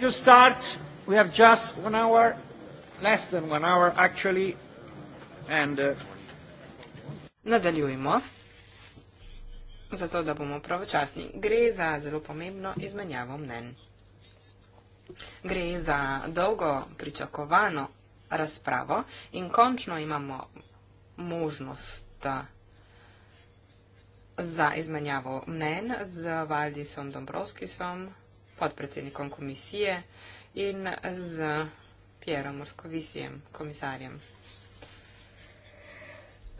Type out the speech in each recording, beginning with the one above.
to start. We have just one hour, less than one hour actually, and. Uh... Nadaljujemo. Zato, da bomo pravočasni. Gre za zelo pomembno izmenjavo mnen. Gre za dolgo pričakovano razpravo in končno imamo možnost uh, za izmenjavo mnen z Valdisom Dombrovskisom podpredsednikom komisije in z Pierom Moskovisijem, komisarjem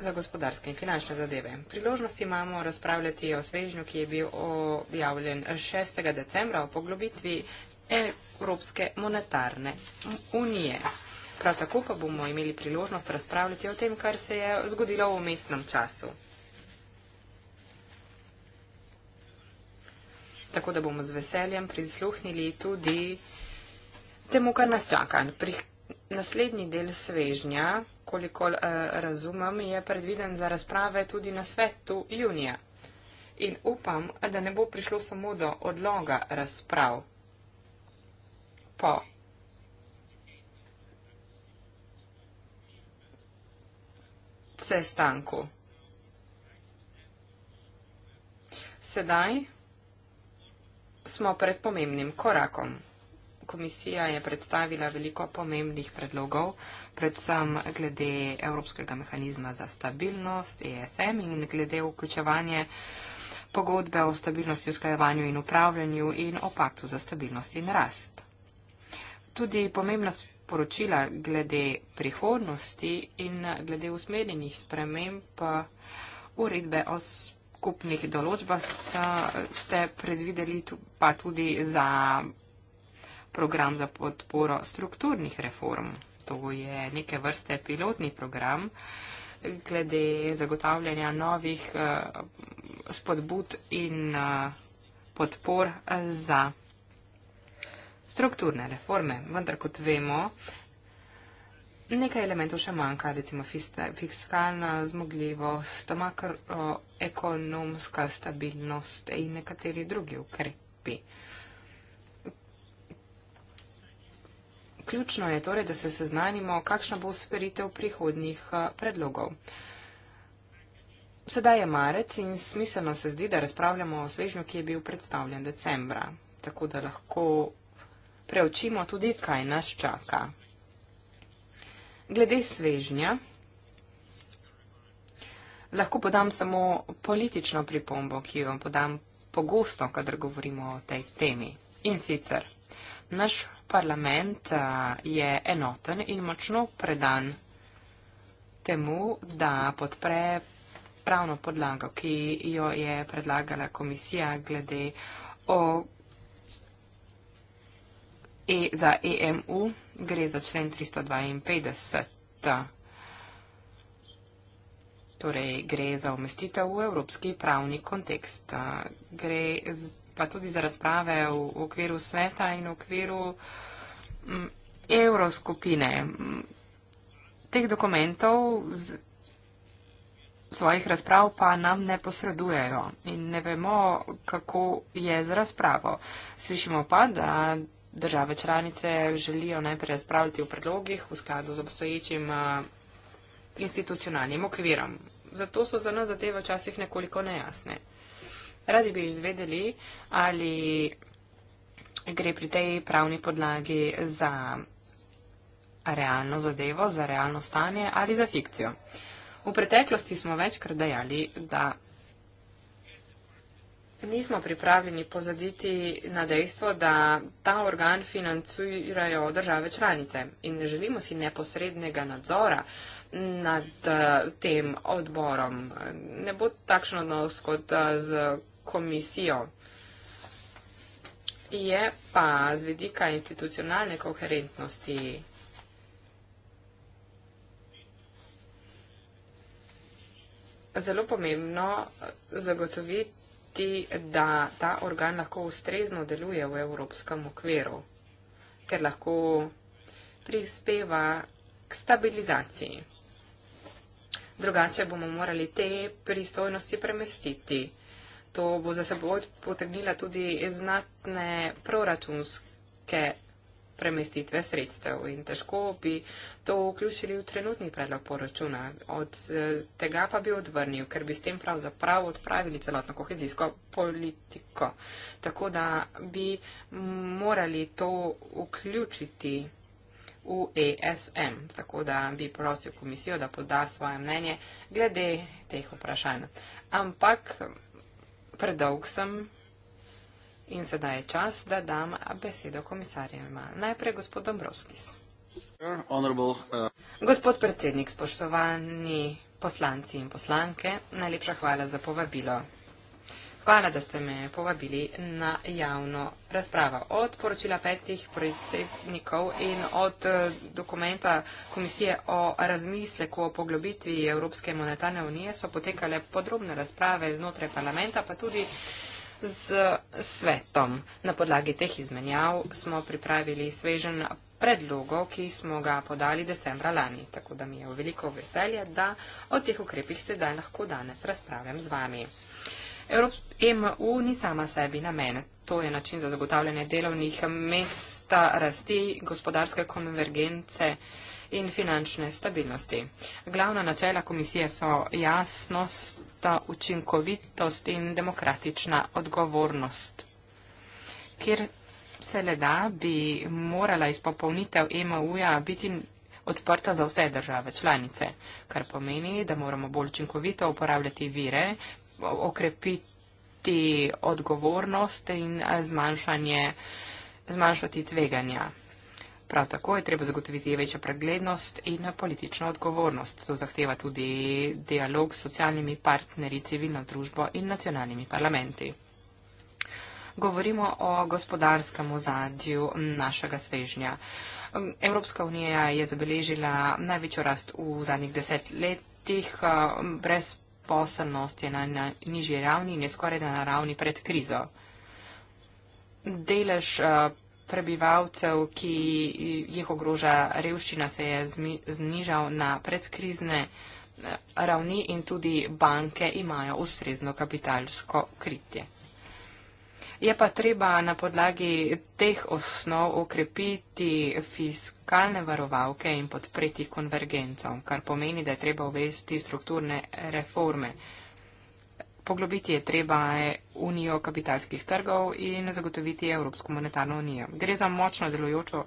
za gospodarske in finančne zadeve. Priložnosti imamo razpravljati o svežnju, ki je bil objavljen 6. decembra o poglobitvi Evropske monetarne unije. Prav tako pa bomo imeli priložnost razpravljati o tem, kar se je zgodilo v mestnem času. tako da bomo z veseljem prisluhnili tudi temu, kar nas čaka. Pri naslednji del svežnja, koliko uh, eh, razumem, je predviden za razprave tudi na svetu junija. In upam, da ne bo prišlo samo do odloga razprav. Po. Sestanku. Sedaj smo pred pomembnim korakom. Komisija je predstavila veliko pomembnih predlogov, predvsem glede Evropskega mehanizma za stabilnost ESM in glede vključevanja pogodbe o stabilnosti, usklajevanju in upravljanju in o paktu za stabilnost in rast. Tudi pomembna sporočila glede prihodnosti in glede usmerjenih sprememb uredbe o sprememb predkupnih določbah ste, ste predvideli pa tudi za program za podporo strukturnih reform. To je neke vrste pilotni program glede zagotavljanja novih eh, spodbud in eh, podpor za strukturne reforme. Vendar, kot vemo, nekaj elementov še manjka, recimo fiskalna zmogljivost, makar ekonomska stabilnost in nekateri drugi ukrepi. Ključno je torej, da se seznanimo, kakšna bo usperitev prihodnjih eh, predlogov. Sedaj je marec in smiselno se zdi, da razpravljamo o svežnju, ki je bil predstavljen decembra, tako da lahko preučimo tudi, kaj nas čaka. Glede svežnja lahko podam samo politično pripombo, ki jo podam pogosto, kadar govorimo o tej temi. In sicer, naš parlament je enoten in močno predan temu, da podpre pravno podlago, ki jo je predlagala komisija glede o e, za EMU gre za člen 352. Torej, gre za umestitev v evropski pravni kontekst. Gre pa tudi za razprave v okviru sveta in v okviru evroskupine. Teh dokumentov z svojih razprav pa nam ne posredujejo in ne vemo, kako je z razpravo. Slišimo pa, da države članice želijo najprej razpravljati o predlogih v skladu z obstoječim institucionalnim okvirom. Zato so za nas zadeve včasih nekoliko nejasne. Radi bi izvedeli, ali gre pri tej pravni podlagi za realno zadevo, za realno stanje ali za fikcijo. V preteklosti smo večkrat dejali, da Nismo pripravljeni pozaditi na dejstvo, da ta organ financirajo države članice in želimo si neposrednega nadzora nad eh, tem odborom. Ne bo takšen odnos kot eh, z komisijo. Je pa z vidika institucionalne koherentnosti. Zelo pomembno zagotoviti ti, da ta organ lahko ustrezno deluje v evropskem okviru, ker lahko prispeva k stabilizaciji. Drugače bomo morali te pristojnosti premestiti. To bo za seboj potegnila tudi znatne proračunske premestitve sredstev in težko bi to vključili v trenutni predlog poračuna. Od eh, tega pa bi odvrnil, ker bi s tem pravzaprav odpravili celotno kohezijsko politiko. Tako da bi morali to vključiti v ESM. Tako da bi prosil komisijo, da poda svoje mnenje glede teh vprašanj. Ampak predolg sem In sedaj je čas, da dam besedo komisarjema. Najprej gospod Dombrovskis. Eh, gospod predsednik, spoštovani poslanci in poslanke, najlepša hvala za povabilo. Hvala, da ste me povabili na javno razpravo. Od poročila petih predsednikov in od eh, dokumenta Komisije o razmisleku o poglobitvi Evropske monetarne unije so potekale podrobne razprave znotraj parlamenta, pa tudi z svetom. Na podlagi teh izmenjav smo pripravili svežen predlogov, ki smo ga podali decembra lani. Tako da mi je v veliko veselje, da o teh ukrepih sedaj lahko danes razpravljam z vami. EMU ni sama sebi namen. To je način za zagotavljanje delovnih mesta, rasti, gospodarske konvergence in finančne stabilnosti. Glavna načela komisije so jasnost, ta učinkovitost in demokratična odgovornost. Ker se le da, bi morala izpopolnitev EMU-ja biti odprta za vse države članice, kar pomeni, da moramo bolj učinkovito uporabljati vire, okrepiti odgovornost in zmanjšati tveganja. Prav tako je treba zagotoviti večjo preglednost in politično odgovornost. To zahteva tudi dialog s socialnimi partnerji, civilno družbo in nacionalnimi parlamenti. Govorimo o gospodarskem ozadju našega svežnja. Evropska unija je zabeležila največjo rast v zadnjih deset letih, brezposelnost je na nižji ravni in je skoraj na ravni pred krizo. Delež eh, prebivalcev, ki jih ogroža revščina, se je znižal na predkrizne eh, ravni in tudi banke imajo ustrezno kapitalsko kritje. Je pa treba na podlagi teh osnov ukrepiti fiskalne varovalke in podpreti konvergencom, kar pomeni, da je treba uvesti strukturne reforme. Poglobiti je treba unijo kapitalskih trgov in zagotoviti Evropsko monetarno unijo. Gre za močno delujočo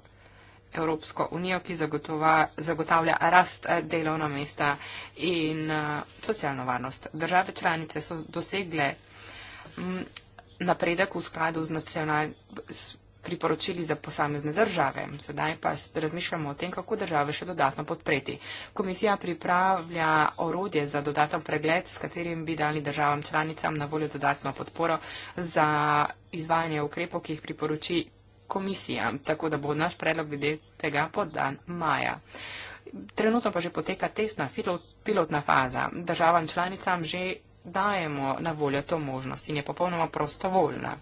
Evropsko unijo, ki zagotova, zagotavlja rast eh, delovna mesta in eh, socialno varnost. Države članice so dosegle mm, napredek v skladu z nacionalnim priporočili za posamezne države. Sedaj pa razmišljamo o tem, kako države še dodatno podpreti. Komisija pripravlja orodje za dodaten pregled, s katerim bi dali državam članicam na voljo dodatno podporo za izvajanje ukrepov, ki jih priporoči komisija. Tako da bo naš predlog glede tega podan maja. Trenutno pa že poteka tesna pilotna faza. Državam članicam že dajemo na voljo to možnost in je popolnoma prostovoljna.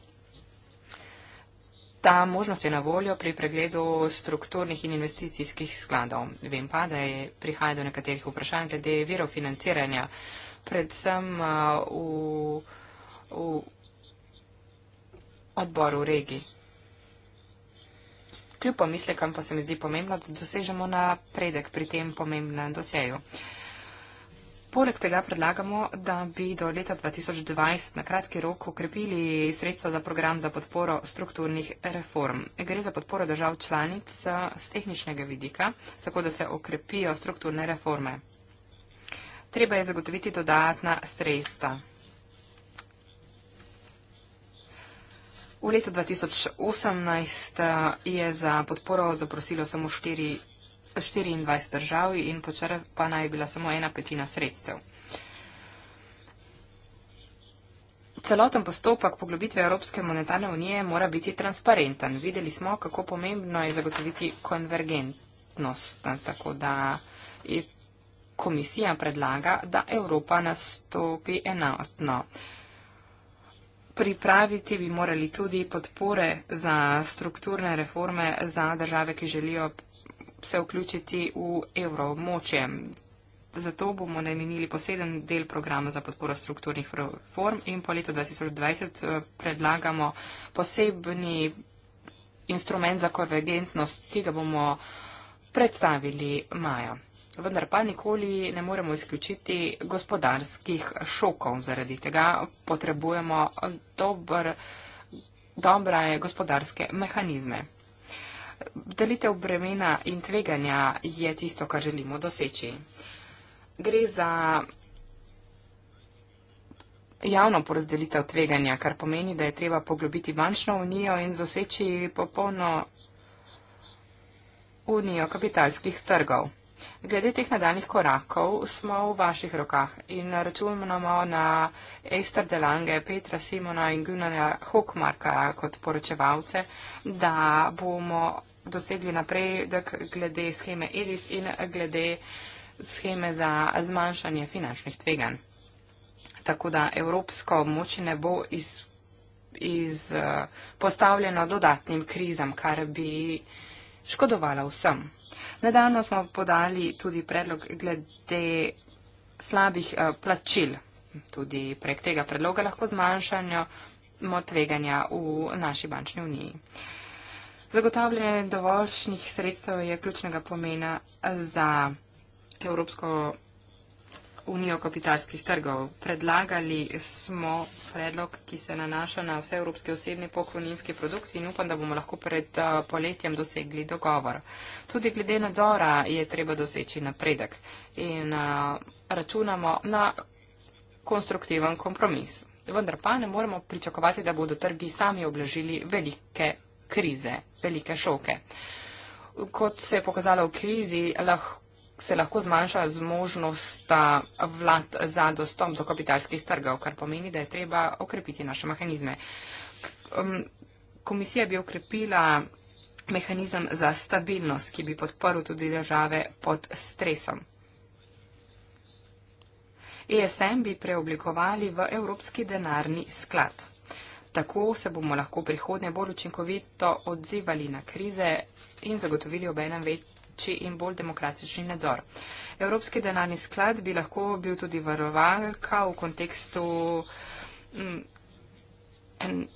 Ta možnost je na voljo pri pregledu strukturnih in investicijskih skladov. Vem pa, da je prihaja do nekaterih vprašanj glede virov financiranja, predvsem uh, v, v odboru regij. Kljub pomislekam pa se mi zdi pomembno, da dosežemo napredek pri tem pomembnem dosjeju. Poleg tega predlagamo, da bi do leta 2020 na kratki rok ukrepili sredstva za program za podporo strukturnih reform. Gre za podporo držav članic z eh, tehničnega vidika, tako da se okrepijo strukturne reforme. Treba je zagotoviti dodatna sredstva. V letu 2018 eh, je za podporo zaprosilo samo 4 24 držav in počrpana je bila samo ena petina sredstev. Celoten postopek poglobitve Evropske monetarne unije mora biti transparenten. Videli smo, kako pomembno je zagotoviti konvergentnost, tako da je komisija predlaga, da Evropa nastopi enotno. Pripraviti bi morali tudi podpore za strukturne reforme za države, ki želijo se vključiti v evroobmočje. Zato bomo namenili poseben del programa za podporo strukturnih reform in po letu 2020 eh, predlagamo posebni instrument za konvergentnost, ki ga bomo predstavili maja. Vendar pa nikoli ne moremo izključiti gospodarskih šokov. Zaradi tega potrebujemo dober, dobre gospodarske mehanizme delitev bremena in tveganja je tisto, kar želimo doseči. Gre za javno porazdelitev tveganja, kar pomeni, da je treba poglobiti bančno unijo in doseči popolno unijo kapitalskih trgov. Glede teh nadaljnih korakov smo v vaših rokah in računamo na Ester Delange, Petra Simona in Gunnarja Hokmarka kot poročevalce, da bomo dosegli naprej glede scheme EDIS in glede scheme za zmanjšanje finančnih tveganj. Tako da evropsko območje ne bo iz, iz, eh, postavljeno dodatnim krizam, kar bi škodovalo vsem. Nedavno smo podali tudi predlog glede slabih eh, plačil. Tudi prek tega predloga lahko zmanjšanjo tveganja v naši bančni uniji. Uh, Zagotavljanje dovoljšnih sredstev je ključnega pomena za Evropsko unijo kapitalskih trgov. Predlagali smo predlog, ki se nanaša na vse evropske osebne pokojninske produkti in upam, da bomo lahko pred eh, poletjem dosegli dogovor. Tudi glede nadzora je treba doseči napredek in eh, računamo na konstruktiven kompromis. Vendar pa ne moremo pričakovati, da bodo trgi sami obložili velike krize, velike šoke. Kot se je pokazalo v krizi, lahko, se lahko zmanjša zmožnost vlad za dostop do kapitalskih trgov, kar pomeni, da je treba okrepiti naše mehanizme. Um, komisija bi okrepila mehanizem za stabilnost, ki bi podporil tudi države pod stresom. ESM bi preoblikovali v Evropski denarni sklad. Tako se bomo lahko prihodnje bolj učinkovito odzivali na krize in zagotovili obenem večji in bolj demokratični nadzor. Evropski denarni sklad bi lahko bil tudi varovalka v kontekstu mm,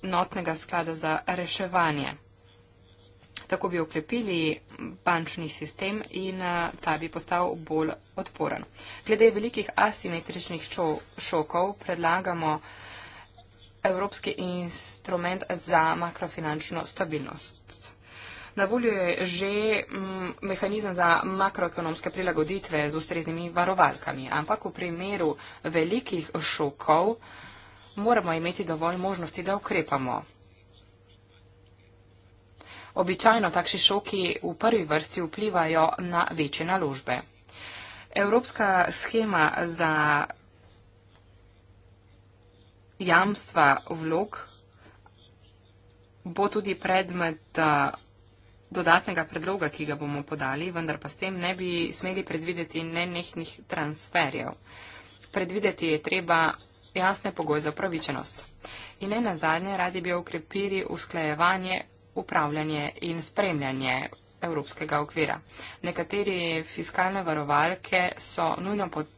enotnega sklada za reševanje. Tako bi okrepili bančni sistem in eh, ta bi postal bolj odporen. Glede velikih asimetričnih šokov predlagamo, evropski instrument za makrofinančno stabilnost. Na voljo je že mm, mehanizem za makroekonomske prilagoditve z ustreznimi varovalkami, ampak v primeru velikih šokov moramo imeti dovolj možnosti, da ukrepamo. Običajno takšni šoki v prvi vrsti vplivajo na večje naložbe. Evropska schema za jamstva vlog bo tudi predmet eh, dodatnega predloga, ki ga bomo podali, vendar pa s tem ne bi smeli predvideti nenehnih transferjev. Predvideti je treba jasne pogoje za upravičenost. In ne nazadnje, radi bi ukrepili usklajevanje, upravljanje in spremljanje evropskega okvira. Nekateri fiskalne varovalke so nujno potrebne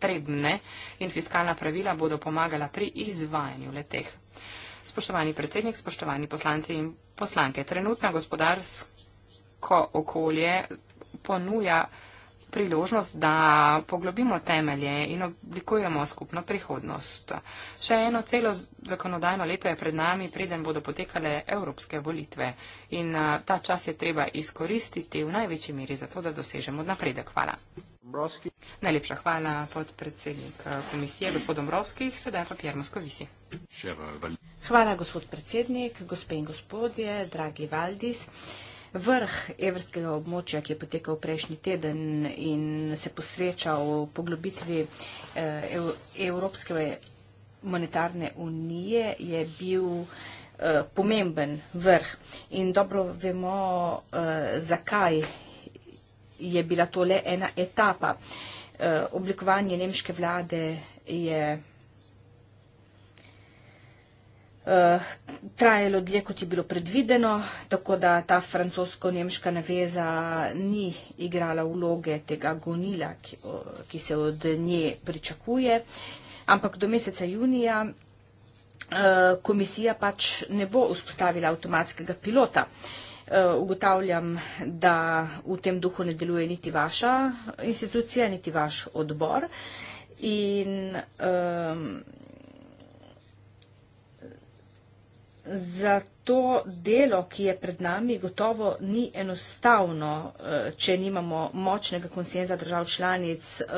potrebne in fiskalna pravila bodo pomagala pri izvajanju leteh. Spoštovani predsednik, spoštovani poslanci in poslanke, trenutna gospodarsko okolje ponuja priložnost, da poglobimo temelje in oblikujemo skupno prihodnost. Še eno celo zakonodajno leto je pred nami, preden bodo potekale evropske volitve in ta čas je treba izkoristiti v največji meri za to, da dosežemo napredek. Hvala. Dombrovski. Najlepša hvala podpredsednik eh, komisije, gospod Dombrovski, sedaj pa Pierre Moscovici. Hvala gospod predsednik, gospe in gospodje, dragi Valdis. Vrh evrskega območja, ki je potekal prejšnji teden in se posvečal poglobitvi eh, Evropske monetarne unije, je bil eh, pomemben vrh. In dobro vemo, zakaj je bila to le ena etapa. Eh, oblikovanje nemške vlade je eh, trajalo dlje, kot je bilo predvideno, tako da ta francosko-nemška naveza ni igrala vloge tega gonila, ki se od nje pričakuje. Ampak do meseca junija eh, komisija pač ne bo vzpostavila avtomatskega pilota. Eh, ugotavljam, da v tem duhu ne deluje niti vaša institucija, niti vaš odbor. In um, za to delo, ki je pred nami, gotovo ni enostavno, eh, če nimamo močnega konsenza držav članic eh,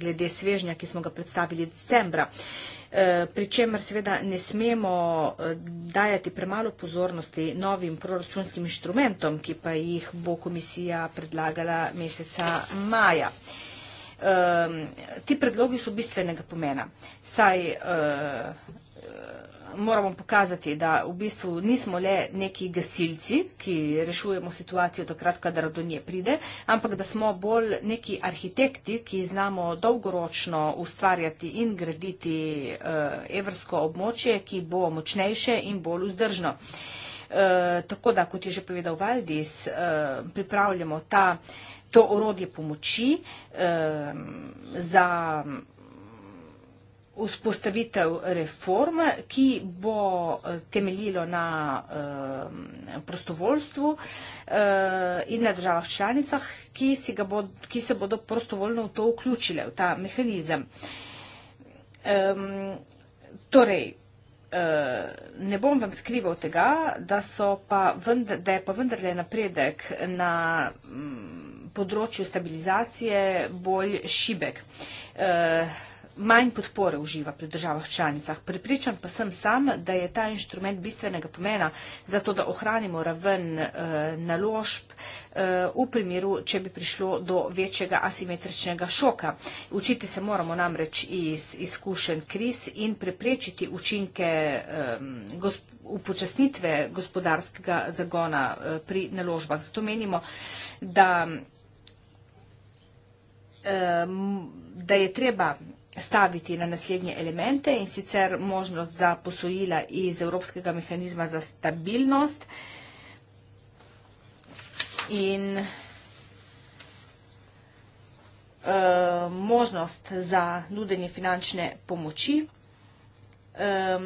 glede svežnja, ki smo ga predstavili decembra. Eh, pri čemer seveda ne smemo eh, dajati premalo pozornosti novim proračunskim inštrumentom, ki pa jih bo komisija predlagala meseca maja. Ehm, ti predlogi so bistvenega pomena, saj eh, moramo pokazati, da v bistvu nismo le neki gasilci, ki rešujemo situacijo takrat, kadar do nje pride, ampak da smo bolj neki arhitekti, ki znamo dolgoročno ustvarjati in graditi eh, evrsko območje, ki bo močnejše in bolj vzdržno. E, tako da, kot je že povedal Valdis, e, pripravljamo ta, to orodje pomoči e, za vzpostavitev reform, ki bo eh, temeljilo na eh, prostovoljstvu eh, in na državah članicah, ki, bo, ki se bodo prostovoljno v to vključile, v ta mehanizem. Torej, ne bom vam skrival tega, da, so pa vendar, da je pa vendarle napredek na mm, področju stabilizacije bolj šibek. Uh, manj podpore uživa pri državah članicah. Pripričan pa sem sam, da je ta inštrument bistvenega pomena za to, da ohranimo raven e, naložb e, v primeru, če bi prišlo do večjega asimetričnega šoka. Učiti se moramo namreč iz izkušen kriz in preprečiti učinke e, gosp upočasnitve gospodarskega zagona e, pri naložbah. Zato menimo, da, e, da je treba staviti na naslednje elemente in sicer možnost za posojila iz Evropskega mehanizma za stabilnost in e, možnost za nudenje finančne pomoči e,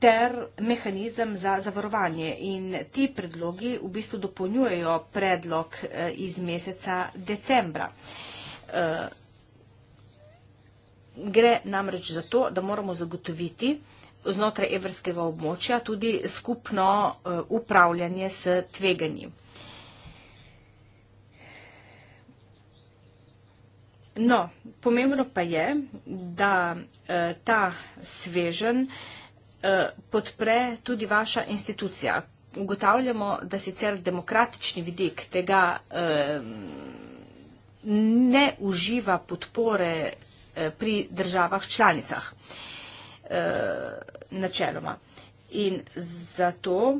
ter mehanizem za zavarovanje. In ti predlogi v bistvu dopolnjujejo predlog eh, iz meseca decembra. E, Gre namreč za to, da moramo zagotoviti znotraj evrskega območja tudi skupno eh, upravljanje s tveganji. No, pomembno pa je, da eh, ta svežen eh, podpre tudi vaša institucija. Ugotavljamo, da sicer demokratični vidik tega ne uživa podpore pri državah članicah eh, načeloma. In zato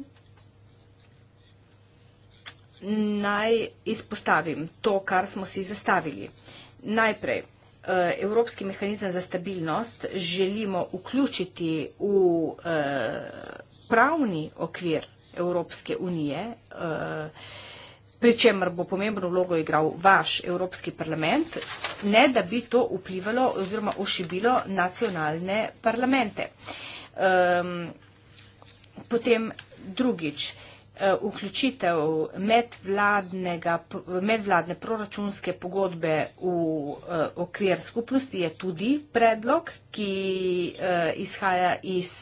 naj izpostavim to, kar smo si zastavili. Najprej, eh, Evropski mehanizem za stabilnost želimo vključiti v eh, pravni okvir Evropske unije, vsega, pri čemer bo pomembno vlogo igral vaš Evropski parlament, ne da bi to vplivalo oziroma ošibilo nacionalne parlamente. Um, potem drugič, e, vključitev medvladne proračunske pogodbe v e, okvir skupnosti je tudi predlog, ki e, izhaja iz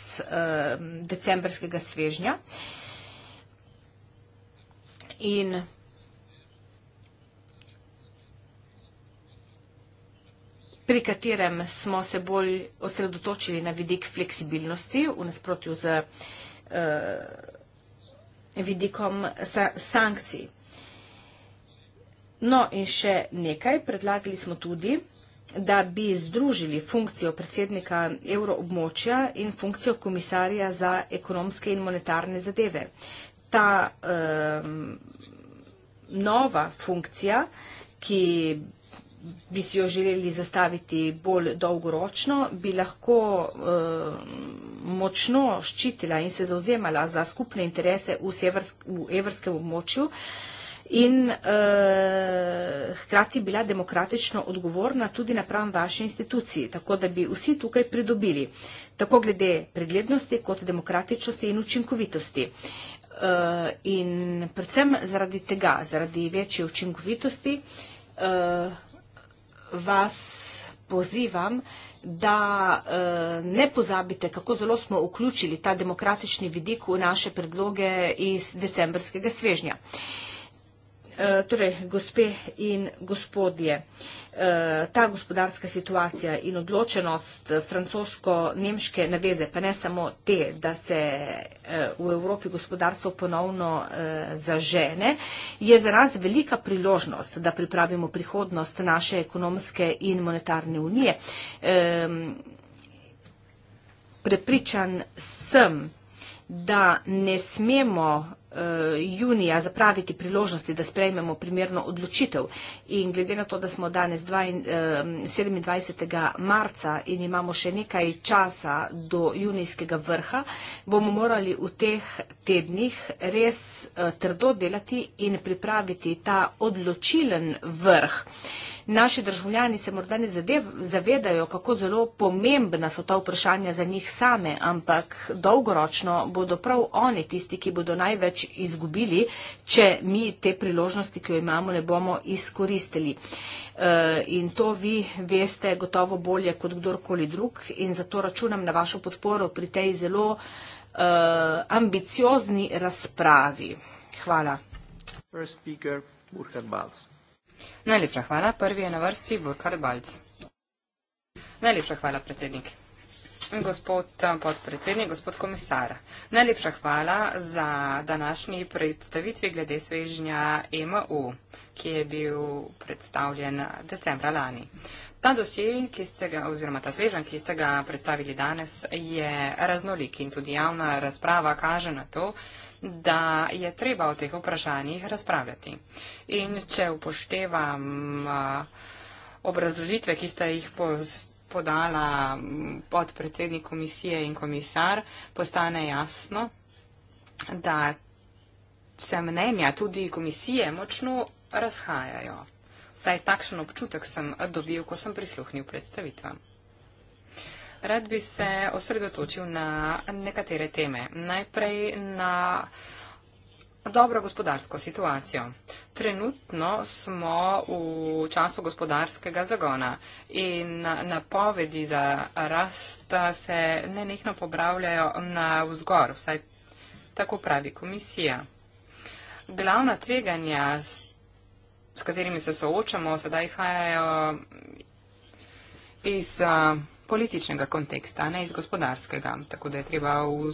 decembrskega svežnja. In pri katerem smo se bolj osredotočili na vidik fleksibilnosti v nasprotju z uh, vidikom sa sankcij. No in še nekaj, predlagali smo tudi, da bi združili funkcijo predsednika euroobmočja in funkcijo komisarja za ekonomske in monetarne zadeve. Ta um, nova funkcija, ki bi si jo želeli zastaviti bolj dolgoročno, bi lahko eh, močno ščitila in se zauzemala za skupne interese v, seversk, v evrskem območju in eh, hkrati bila demokratično odgovorna tudi napram vaše institucije, tako da bi vsi tukaj pridobili, tako glede preglednosti kot demokratičnosti in učinkovitosti. Eh, in predvsem zaradi tega, zaradi večje učinkovitosti, eh, vas pozivam, da eh, ne pozabite, kako zelo smo vključili ta demokratični vidik v naše predloge iz decembrskega svežnja. Eh, torej, gospe in gospodje, eh, ta gospodarska situacija in odločenost francosko-nemške naveze, pa ne samo te, da se eh, v Evropi gospodarstvo ponovno zažene, je za nas velika priložnost, da pripravimo prihodnost naše ekonomske in monetarne unije. Prepričan sem, da ne smemo Eh, junija zapraviti priložnosti, da sprejmemo primerno odločitev. In glede na to, da smo danes 27. Eh, marca in imamo še nekaj časa do junijskega vrha, bomo morali v teh tednih res eh, trdo delati in pripraviti ta odločilen vrh. Naši državljani se morda ne zavedajo, kako zelo pomembna so ta vprašanja za njih same, ampak dolgoročno bodo prav oni tisti, ki bodo največ izgubili, če mi te priložnosti, ki jo imamo, ne bomo izkoristili. Eh, in to vi veste gotovo bolje kot kdorkoli drug in zato računam na vašo podporo pri tej zelo eh, ambiciozni razpravi. Hvala. First speaker, Burkhard Balz. Najlepša hvala. Prvi je na vrsti Burkhard Balc. Najlepša hvala, predsednik. Gospod eh, podpredsednik, gospod komisar, najlepša hvala za današnji predstavitvi glede svežnja EMU, ki je bil predstavljen decembra lani. Ta dosij, ki ste ga, oziroma ta svežen, ki ste ga predstavili danes, je raznolik in tudi javna razprava kaže na to, da je treba o teh vprašanjih razpravljati. In če upoštevam obrazložitve, ki ste jih podala podpredsednik komisije in komisar, postane jasno, da se mnenja tudi komisije močno razhajajo. Vsaj takšen občutek sem dobil, ko sem prisluhnil predstavitvam. Rad bi se osredotočil na nekatere teme. Najprej na dobro gospodarsko situacijo. Trenutno smo v času gospodarskega zagona in napovedi za rast se nenehno popravljajo na vzgor, vsaj tako pravi komisija. Glavna tveganja, s katerimi se soočamo, sedaj izhajajo iz uh, političnega konteksta, ne iz gospodarskega. Tako da je treba v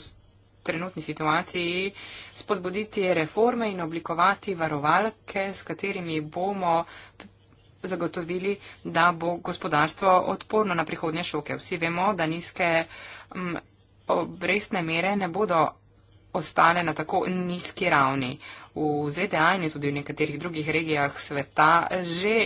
trenutni situaciji spodbuditi reforme in oblikovati varovalke, s katerimi bomo zagotovili, da bo gospodarstvo odporno na prihodnje šoke. Vsi vemo, da nizke m, obrestne mere ne bodo ostale na tako nizki ravni. V ZDA in tudi v nekaterih drugih regijah sveta že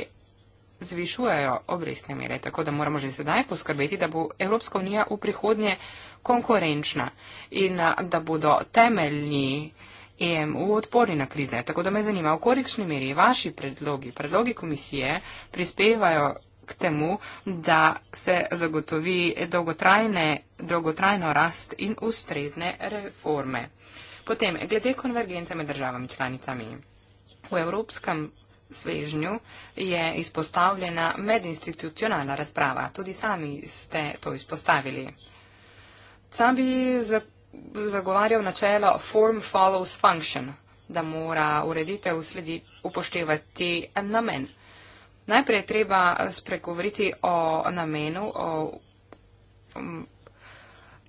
zvišujejo obrestne mere, tako da moramo že sedaj poskrbeti, da bo Evropska unija v prihodnje konkurenčna in da bodo temeljni EMU odporni na krize. Tako da me zanima, v kolikšni meri vaši predlogi, predlogi komisije prispevajo k temu, da se zagotovi dolgotrajno rast in ustrezne reforme. Potem, glede konvergence med državami članicami. V Evropskem svežnju je izpostavljena medinstitucionalna razprava. Tudi sami ste to izpostavili. Sam bi zagovarjal načelo form follows function, da mora ureditev sledi upoštevati namen. Najprej je treba spregovoriti o namenu, o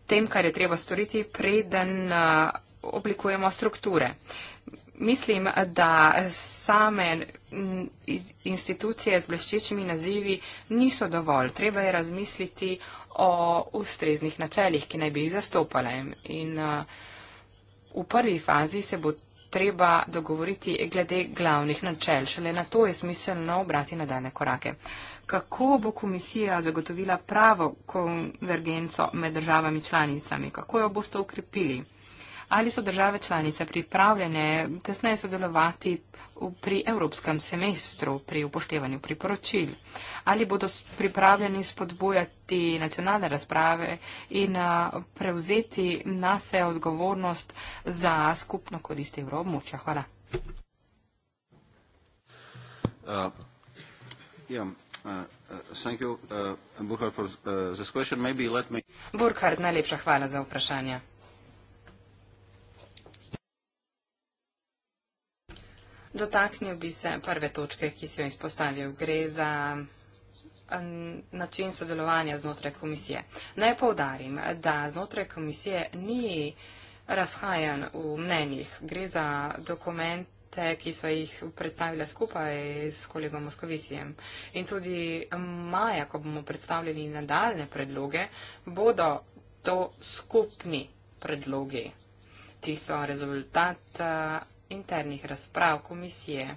tem, kar je treba storiti, preden oblikujemo strukture mislim, da same institucije z bleščečimi nazivi niso dovolj. Treba je razmisliti o ustreznih načeljih, ki naj bi jih zastopale. In uh, v prvi fazi se bo treba dogovoriti glede glavnih načel. Šele na to je smiselno obrati nadaljne korake. Kako bo komisija zagotovila pravo konvergenco med državami članicami? Kako jo boste ukrepili? ali so države članice pripravljene tesneje sodelovati pri evropskem semestru pri upoštevanju priporočil, ali bodo pripravljeni spodbujati nacionalne razprave in prevzeti nase odgovornost za skupno korist Evroobmočja. Hvala. Uh, yeah. Uh, uh, uh, uh Burkhard, najlepša hvala za vprašanje. Dotaknil bi se prve točke, ki si jo izpostavil. Gre za eh, način sodelovanja znotraj komisije. Naj povdarim, da znotraj komisije ni razhajan v mnenjih. Gre za dokument te, ki so jih predstavile skupaj s kolegom Moskovisijem. In tudi maja, ko bomo predstavljeni nadaljne predloge, bodo to skupni predlogi. Ti so rezultat eh, internih razprav komisije.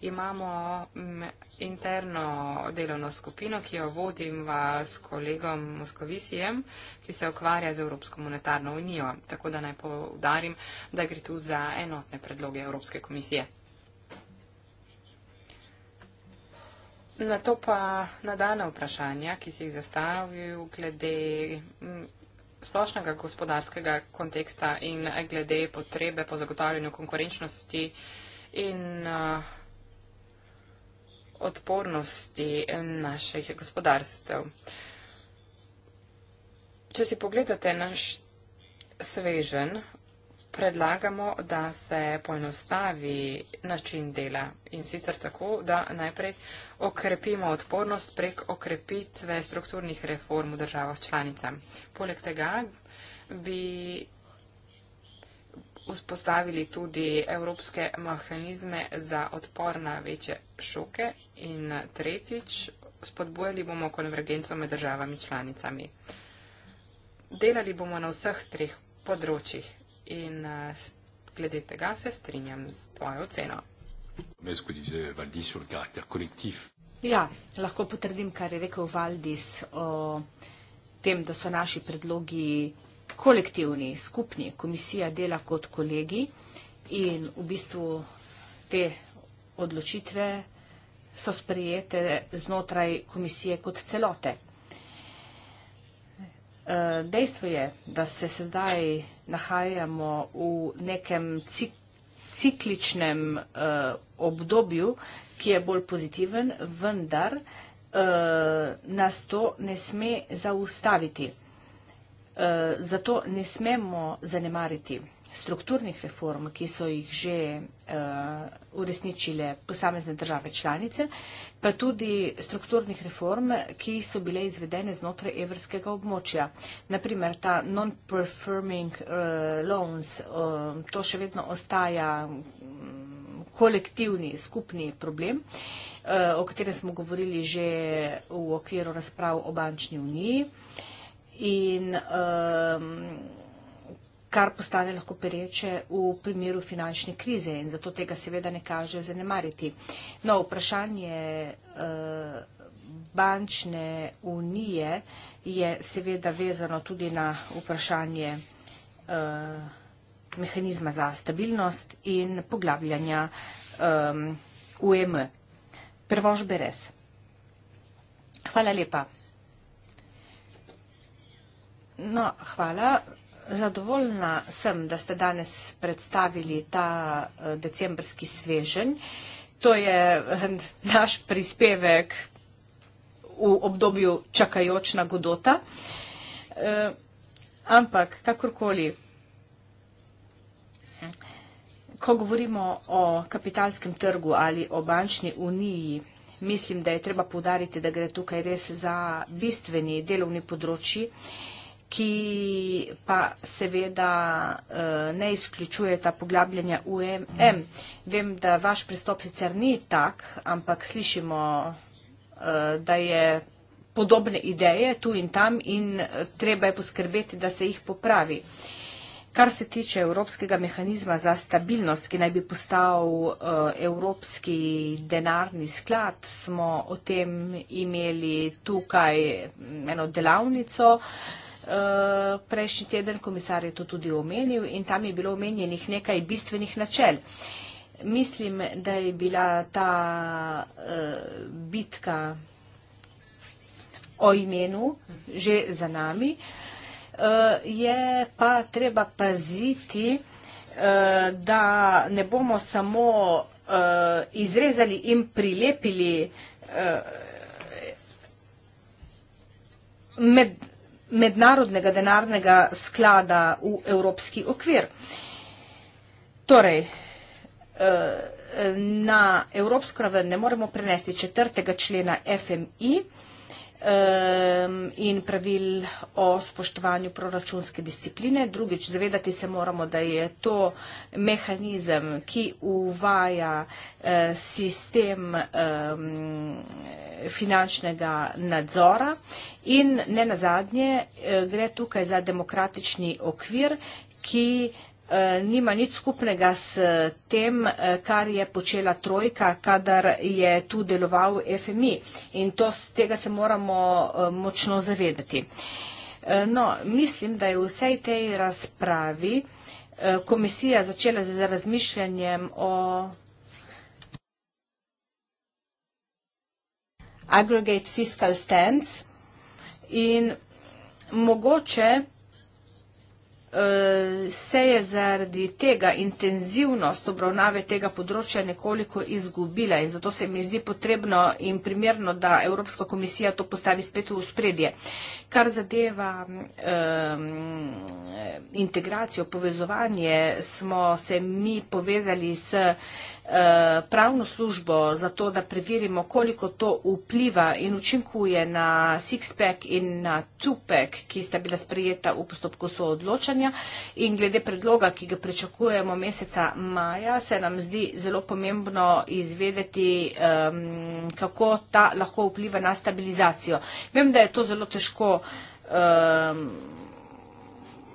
Imamo mm, interno delovno skupino, ki jo vodim s kolegom Moskovisijem, ki se ukvarja z Evropsko monetarno unijo. Tako da naj povdarim, da gre tu za enotne predloge Evropske komisije. Na to pa nadana vprašanja, ki si jih zastavil glede mm, splošnega gospodarskega konteksta in glede potrebe po zagotavljanju konkurenčnosti in uh, odpornosti naših gospodarstv. Če si pogledate naš svežen predlagamo, da se poenostavi način dela in sicer tako, da najprej okrepimo odpornost prek okrepitve strukturnih reform v državah članicam. Poleg tega bi vzpostavili tudi evropske mehanizme za odpor na večje šoke in tretjič spodbujali bomo konvergenco med državami članicami. Delali bomo na vseh treh področjih in uh, glede tega se strinjam z tvojo oceno. Ja, lahko potrdim, kar je rekel Valdis o tem, da so naši predlogi kolektivni, skupni. Komisija dela kot kolegi in v bistvu te odločitve so sprejete znotraj komisije kot celote. Eh, dejstvo je, da se sedaj nahajamo v nekem cikličnem uh, obdobju, ki je bolj pozitiven, vendar uh, nas to ne sme zaustaviti. Uh, zato ne smemo zanemariti strukturnih reform, ki so jih že uh, uresničile posamezne države članice, pa tudi strukturnih reform, ki so bile izvedene znotraj evrskega območja. Naprimer, ta non-performing uh, loans, uh, to še vedno ostaja um, kolektivni skupni problem, uh, o katerem smo govorili že v okviru razprav o bančni uniji. In, uh, kar postane lahko pereče v primeru finančne krize in zato tega seveda ne kaže zanemariti. No, vprašanje eh, bančne unije je seveda vezano tudi na vprašanje eh, mehanizma za stabilnost in poglabljanja eh, UM. E Prvož Beres. Hvala lepa. No, hvala. Zadovoljna sem, da ste danes predstavili ta eh, decembrski svežen. To je eh, naš prispevek v obdobju čakajočna godota. Eh, ampak, kakorkoli, ko govorimo o kapitalskem trgu ali o bančni uniji, mislim, da je treba povdariti, da gre tukaj res za bistveni delovni področji ki pa seveda eh, ne izključuje ta poglabljanja UMM. Vem, da vaš pristop sicer ni tak, ampak slišimo, eh, da je podobne ideje tu in tam in eh, treba je poskrbeti, da se jih popravi. Kar se tiče Evropskega mehanizma za stabilnost, ki naj bi postal Evropski denarni sklad, smo o tem imeli tukaj mm, eno delavnico. Eh, prejšnji teden komisar je to tudi omenil in tam je bilo omenjenih nekaj bistvenih načel. Mislim, da je bila ta uh, bitka o imenu že za nami, uh, je pa treba paziti, uh, da ne bomo samo uh, izrezali in prilepili uh, med mednarodnega denarnega sklada v evropski okvir. Torej, eh, na evropsko raven ne moremo prenesti četrtega člena FMI, in pravil o spoštovanju proračunske discipline. Drugič, zavedati se moramo, da je to mehanizem, ki uvaja eh, sistem finančnega nadzora in ne nazadnje eh, gre tukaj za demokratični okvir, ki Eh, nima nič skupnega s eh, tem, eh, kar je počela trojka, kadar je tu deloval FMI. In to, tega se moramo močno zavedati. No, mislim, da je v vsej tej razpravi komisija začela z razmišljanjem o aggregate fiscal stance in mogoče se je zaradi tega intenzivnost obravnave tega področja nekoliko izgubila in zato se mi zdi potrebno in primerno, da Evropska komisija to postavi spet v spredje. Kar zadeva um, integracijo, povezovanje, smo se mi povezali s eh, pravno službo za to, da preverimo, koliko to vpliva in učinkuje na SIXPEC in na TUPEC, ki sta bila sprejeta v postopku soodločanja srečanja in glede predloga, ki ga pričakujemo meseca maja, se nam zdi zelo pomembno izvedeti, um, kako ta lahko vpliva na stabilizacijo. Vem, da je to zelo težko. Um,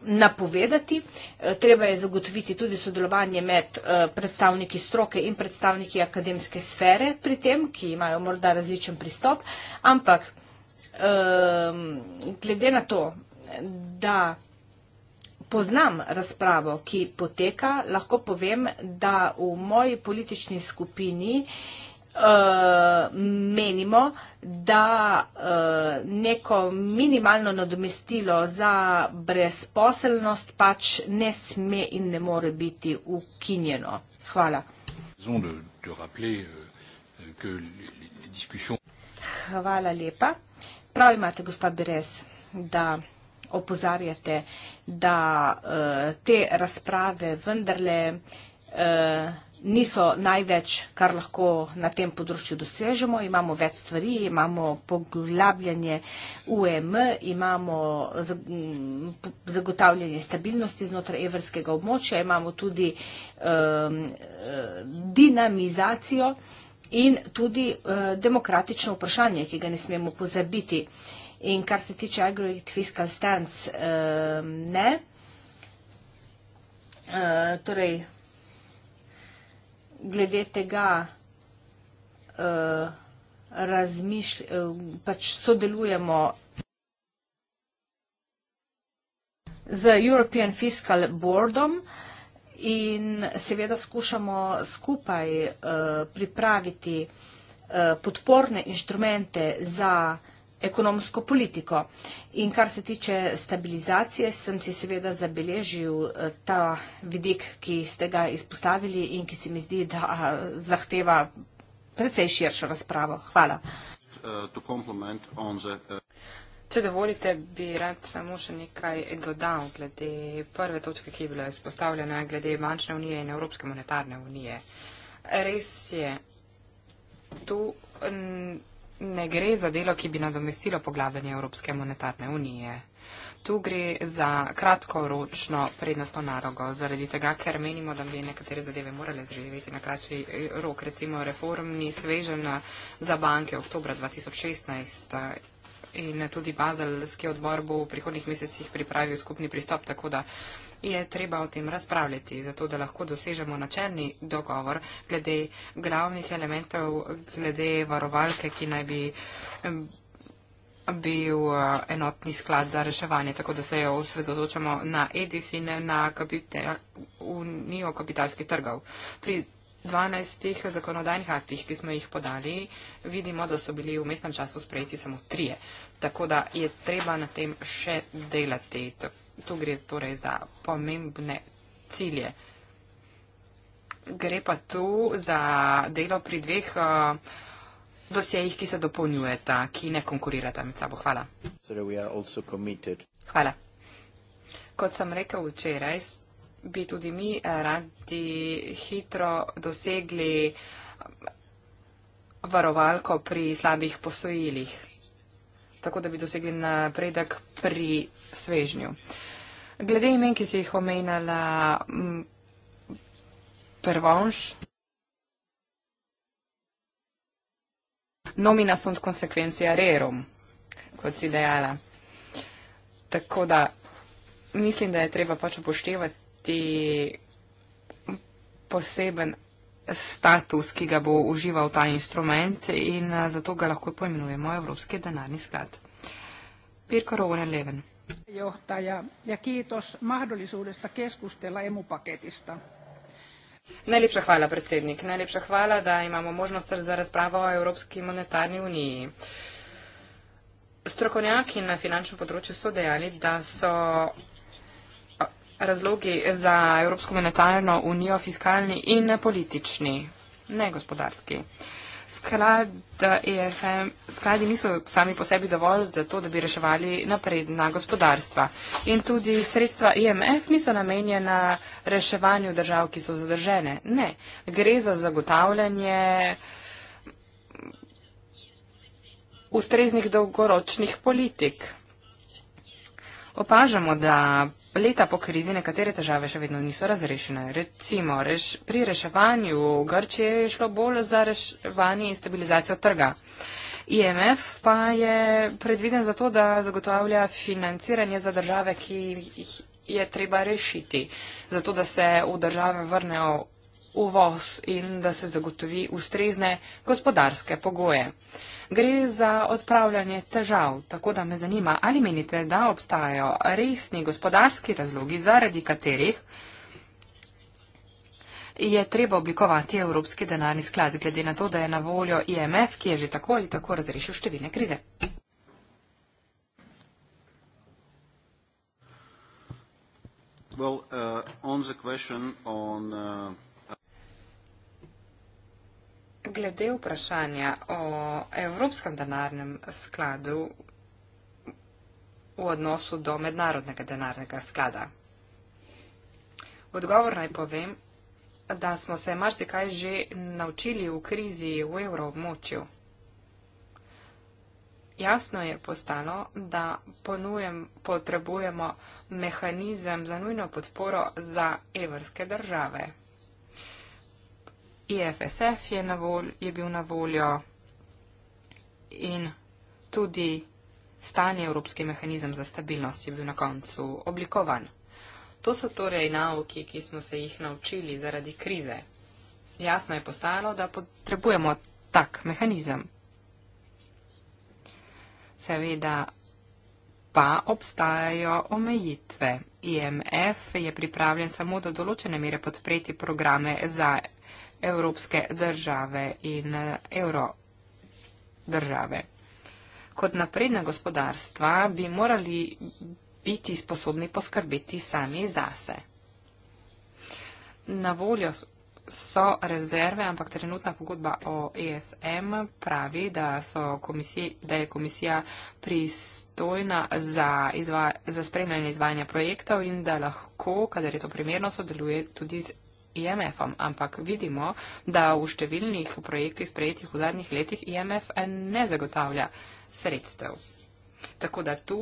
napovedati. E, treba je zagotoviti tudi sodelovanje med e, predstavniki stroke in predstavniki akademske sfere pri tem, ki imajo morda različen pristop, ampak glede na to, da poznam razpravo, ki poteka, lahko povem, da v moji politični skupini Uh, menimo, da uh, neko minimalno nadomestilo za brezposelnost pač ne sme in ne more biti ukinjeno. Hvala. Euh, Hvala lepa. Prav imate, gospod Beres, da opozarjate, da eh, te razprave vendarle eh, niso največ, kar lahko na tem področju dosežemo. Imamo več stvari, imamo poglabljanje UM, imamo mm, zagotavljanje stabilnosti znotraj evrskega območja, imamo tudi eh, dinamizacijo in tudi demokratično vprašanje, ki ga ne smemo pozabiti. In kar se tiče aggregate fiscal stance, ne. E, torej, glede tega e, e, pač sodelujemo z European Fiscal Boardom in seveda skušamo skupaj pripraviti podporne inštrumente za vsega, ekonomsko politiko. In kar se tiče stabilizacije, sem si seveda zabeležil eh, ta vidik, ki ste ga izpostavili in ki se mi zdi, da eh, zahteva precej širšo razpravo. Hvala. Če dovolite, bi rad samo še nekaj dodal glede prve točke, ki je bila izpostavljena, glede bančne unije in Evropske monetarne unije. Res je, tu ne gre za delo, ki bi nadomestilo poglavljanje Evropske monetarne unije. Tu gre za kratkoročno prednostno narogo, zaradi tega, ker menimo, da bi nekatere zadeve morali zreživeti na kratši eh, rok. Recimo reformni svežen eh, za banke oktobra 2016. Eh, in tudi bazalski odbor bo v prihodnjih mesecih pripravil skupni pristop, tako da je treba o tem razpravljati, zato da lahko dosežemo načelni dogovor glede glavnih elementov, glede varovalke, ki naj bi bil eh, enotni sklad za reševanje, tako da se jo osredotočamo na Edis in na kapite, Unijo kapitalskih trgov. Pri 12 zakonodajnih aktih, ki smo jih podali, vidimo, da so bili v mestnem času sprejeti samo trije, tako da je treba na tem še delati. Tako tu gre torej za pomembne cilje. Gre pa tu za delo pri dveh uh, dosjejih, ki se dopolnjujeta, ki ne konkurirata med sabo. Hvala. Hvala. Kot sem rekel včeraj, bi tudi mi eh, radi hitro dosegli eh, varovalko pri slabih posojilih, tako da bi dosegli napredek pri svežnju. Uh, Glede imen, ki si jih omenjala, prvonš. Nomina sunt consequentia rerum, kot si dejala. Tako da mislim, da je treba pač upoštevati poseben status, ki ga bo užival ta instrument in zato ga lahko poimenujemo Evropski denarni sklad. Pirko Rovner Leven puheenjohtaja ja kiitos mahdollisuudesta keskustella emu paketista. Najlepša hvala, predsednik. Najlepša hvala, da imamo možnost za razpravo o Evropski monetarni uniji. Strokovnjaki na finančnem področju so dejali, da so razlogi za Evropsko monetarno unijo fiskalni in politični, ne gospodarski. Uh, Sklada EFM, skladi niso sami po sebi dovolj za to, da bi reševali napredna gospodarstva. In tudi sredstva IMF e niso namenjena reševanju držav, ki so zadržene. Ne, gre za zagotavljanje ustreznih dolgoročnih politik. Opažamo, da leta po krizi nekatere težave še vedno niso razrešene. Recimo, reš, pri reševanju Grčije je šlo bolj za reševanje in stabilizacijo trga. IMF pa je predviden za to, da zagotavlja financiranje za države, ki jih je treba rešiti, zato da se v države vrnejo uvoz in da se zagotovi ustrezne gospodarske pogoje. Gre za odpravljanje težav, tako da me zanima, ali menite, da obstajajo resni gospodarski razlogi, zaradi katerih je treba oblikovati Evropski denarni sklad, glede na to, da je na voljo IMF, ki je že tako ali tako razrešil številne krize. Well, uh, on the question on uh, Glede vprašanja o Evropskem denarnem skladu v odnosu do mednarodnega denarnega sklada. Odgovor naj povem, da smo se marsikaj že naučili v krizi v evroobmočju. Jasno je postalo, da ponujem, potrebujemo mehanizem za nujno podporo za evrske države. IFSF je, na vol, je bil na voljo in tudi stanje Evropski mehanizem za stabilnost je bil na koncu oblikovan. To so torej nauki, ki smo se jih naučili zaradi krize. Jasno je postalo, da potrebujemo tak mehanizem. Seveda pa obstajajo omejitve. IMF je pripravljen samo do določene mere podpreti programe za evropske države in eh, evro države. Kot napredna gospodarstva bi morali biti sposobni poskrbeti sami zase. Na voljo so rezerve, ampak trenutna pogodba o ESM pravi, da, komisije, da je komisija pristojna za, izva, za spremljanje izvajanja projektov in da lahko, kadar je to primerno, sodeluje tudi z IMF-om, ampak vidimo, da v številnih projektih sprejetih v zadnjih letih IMF ne zagotavlja sredstev. Tako da tu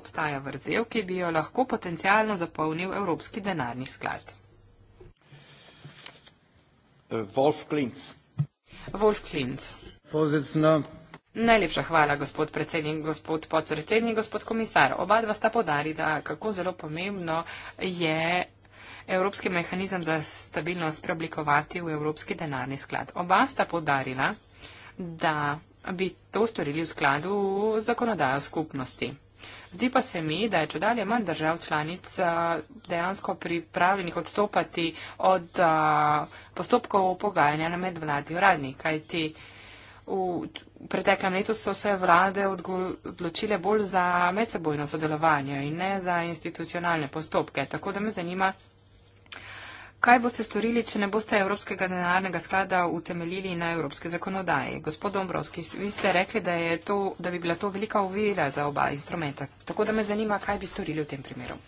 obstaja vrzel, ki bi jo lahko potencialno zapolnil Evropski denarni sklad. Eh, Wolf Klinc. Wolf Klinc. Najlepša hvala, gospod predsednik, gospod podpredsednik, gospod komisar. Oba dva sta podarila, kako zelo pomembno je evropski mehanizem za stabilnost preoblikovati v evropski denarni sklad. Oba sta podarila, da bi to storili v skladu zakonodajo skupnosti. Zdi pa se mi, da je čudalje manj držav članic dejansko pripravljenih odstopati od postopkov pogajanja na medvladi uradni, kajti v preteklem letu so se vlade odločile bolj za medsebojno sodelovanje in ne za institucionalne postopke. Tako da me zanima, Kaj boste storili, če ne boste Evropskega denarnega sklada utemeljili na evropske zakonodaje? Gospod Dombrovski, vi ste rekli, da, to, da bi bila to velika ovira za oba instrumenta. Tako da me zanima, kaj bi storili v tem primeru.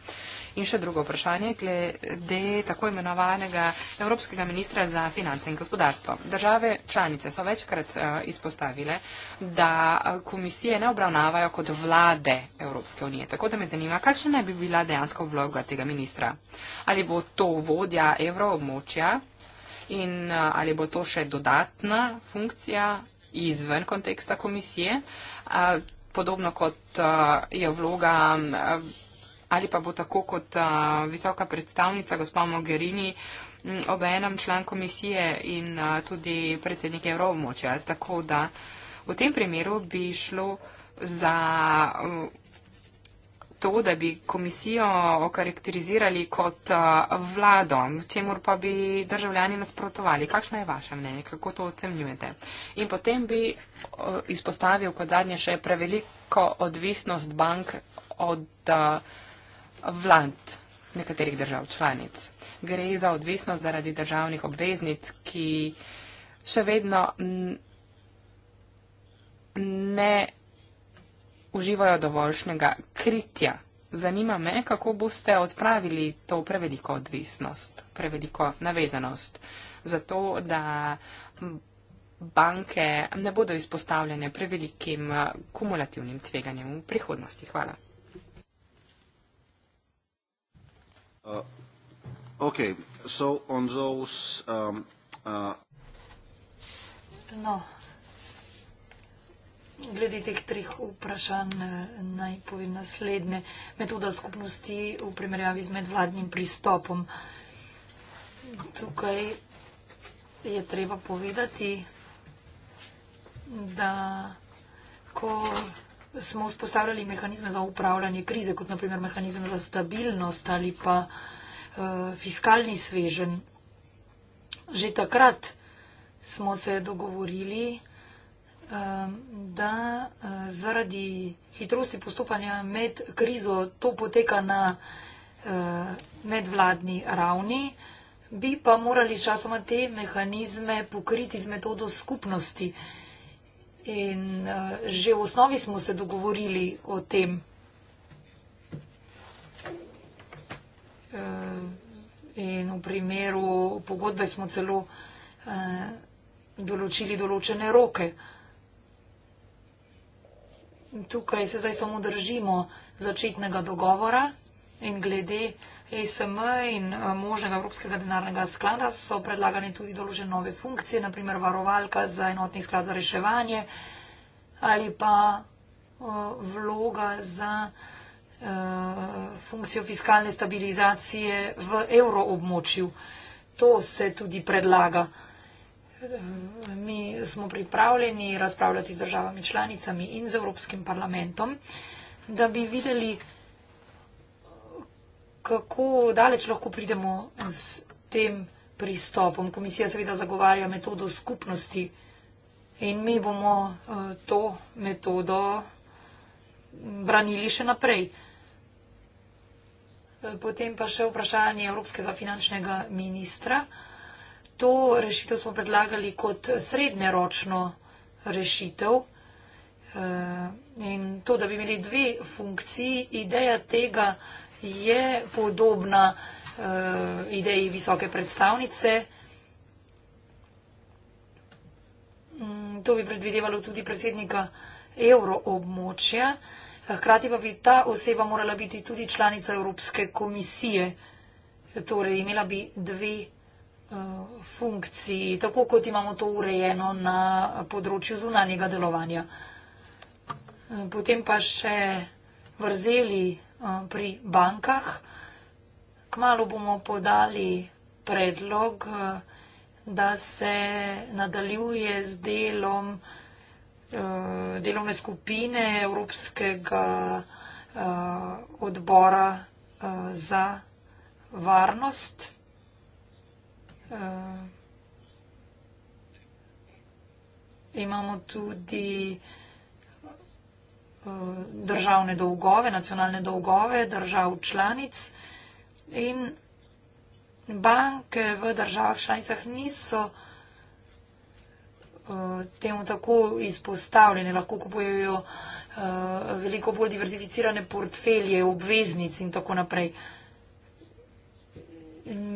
In še drugo vprašanje, glede tako imenovanega Evropskega ministra za finance in gospodarstvo. Države članice so večkrat eh, izpostavile, da eh, komisije ne obravnavajo kot vlade Evropske unije. Tako da me zanima, kakšna naj bi bila dejansko vloga tega ministra? Ali bo to vodja evroobmočja in eh, ali bo to še dodatna funkcija izven konteksta komisije? Podobno kot je vloga ali pa bo tako kot a, visoka predstavnica gospa Mogherini ob enem član komisije in a, tudi predsednik Evromoča. Tako da v tem primeru bi šlo za a, to, da bi komisijo okarakterizirali kot a, vlado, čemur pa bi državljani nasprotovali. Kakšno je vaše mnenje, kako to ocenjujete? In potem bi a, izpostavil kot zadnje še preveliko odvisnost bank od. A, vlad nekaterih držav članic. Gre za odvisnost zaradi državnih obveznic, ki še vedno ne uživajo dovoljšnega kritja. Zanima me, kako boste odpravili to preveliko odvisnost, preveliko navezanost, zato da banke ne bodo izpostavljene prevelikim kumulativnim tveganjem v prihodnosti. Hvala. Uh, okay, so on those. Um, uh, no. Glede teh treh vprašanj eh, naj povem naslednje. Metoda skupnosti v primerjavi z medvladnim pristopom. Tukaj je treba povedati, da ko smo vzpostavljali mehanizme za upravljanje krize, kot naprimer mehanizme za stabilnost ali pa uh, fiskalni svežen. Že takrat smo se dogovorili, uh, da uh, zaradi hitrosti postopanja med krizo to poteka na uh, medvladni ravni, bi pa morali časoma te mehanizme pokriti z metodo skupnosti. Uh, In uh, že v osnovi smo se dogovorili o tem. Uh, in v primeru pogodbe smo celo uh, določili določene roke. Tukaj se zdaj samo držimo začetnega dogovora in glede. ESM in eh, možnega Evropskega denarnega sklada so predlagane tudi določene nove funkcije, naprimer varovalka za enotni sklad za reševanje ali pa eh, vloga za eh, funkcijo fiskalne stabilizacije v evroobmočju. To se tudi predlaga. Mi smo pripravljeni razpravljati z državami članicami in z Evropskim parlamentom, da bi videli, kako daleč lahko pridemo z tem pristopom. Komisija seveda zagovarja metodo skupnosti in mi bomo eh, to metodo branili še naprej. Eh, potem pa še vprašanje Evropskega finančnega ministra. To rešitev smo predlagali kot srednjeročno rešitev. Eh, in to, da bi imeli dve funkciji, ideja tega, je podobna uh, ideji visoke predstavnice. Mm, to bi predvidevalo tudi predsednika evroobmočja, hkrati pa bi ta oseba morala biti tudi članica Evropske komisije, torej imela bi dve uh, funkciji, tako kot imamo to urejeno na področju zunanjega delovanja. Eh, potem pa še vrzeli Eh, pri bankah. Kmalo bomo podali predlog, eh, da se nadaljuje z delom eh, delovne skupine Evropskega odbora za varnost. Imamo tudi uh, Eh, državne dolgove, nacionalne dolgove držav članic in banke v državah članicah niso eh, temu tako izpostavljene, lahko kupujejo eh, veliko bolj diverzificirane portfelje, obveznic in tako naprej.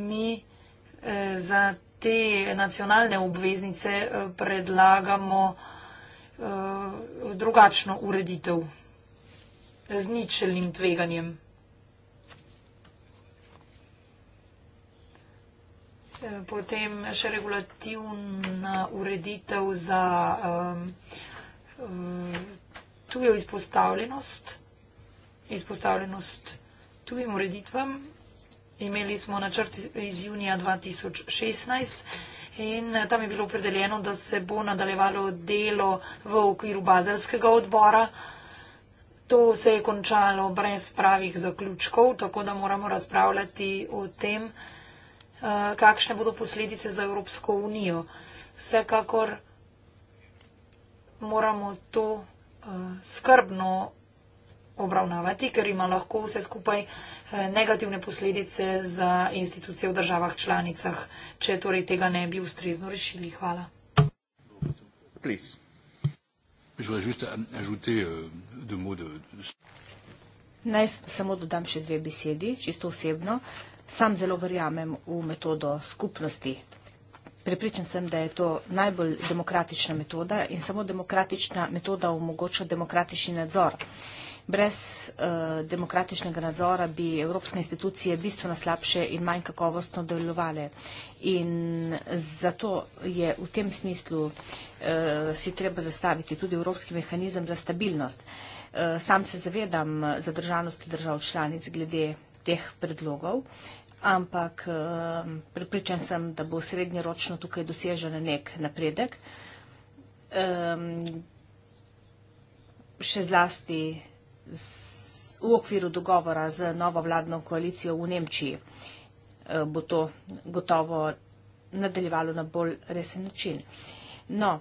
Mi za te nacionalne obveznice predlagamo uh, drugačno ureditev z ničelnim tveganjem. Eh, potem še regulativna ureditev za um, tujo izpostavljenost, izpostavljenost tujim ureditvam. Imeli smo načrt iz junija 2016. In eh, tam je bilo opredeljeno, da se bo nadaljevalo delo v okviru bazelskega odbora. To se je končalo brez pravih zaključkov, tako da moramo razpravljati o tem, eh, kakšne bodo posledice za Evropsko unijo. Vsekakor moramo to eh, skrbno obravnavati, ker ima lahko vse skupaj eh, negativne posledice za institucije v državah članicah, če torej tega ne bi ustrezno rešili. Hvala. Euh, Naj samo dodam še dve besedi, čisto osebno. Sam zelo verjamem v metodo skupnosti. Prepričan sem, da je to najbolj demokratična metoda in samo demokratična metoda omogoča demokratični nadzor. Uh, Brez uh, demokratičnega nadzora bi evropske institucije bistveno slabše in manj kakovostno delovale. In zato je v tem smislu uh, si treba zastaviti tudi evropski mehanizem za stabilnost. Uh, sam se zavedam zadržanosti držav članic glede teh predlogov, ampak uh, pripričan sem, da bo srednjeročno tukaj dosežen nek napredek. Um, še zlasti v okviru dogovora z novo vladno koalicijo v Nemčiji eh, bo to gotovo nadaljevalo na bolj resen način. No,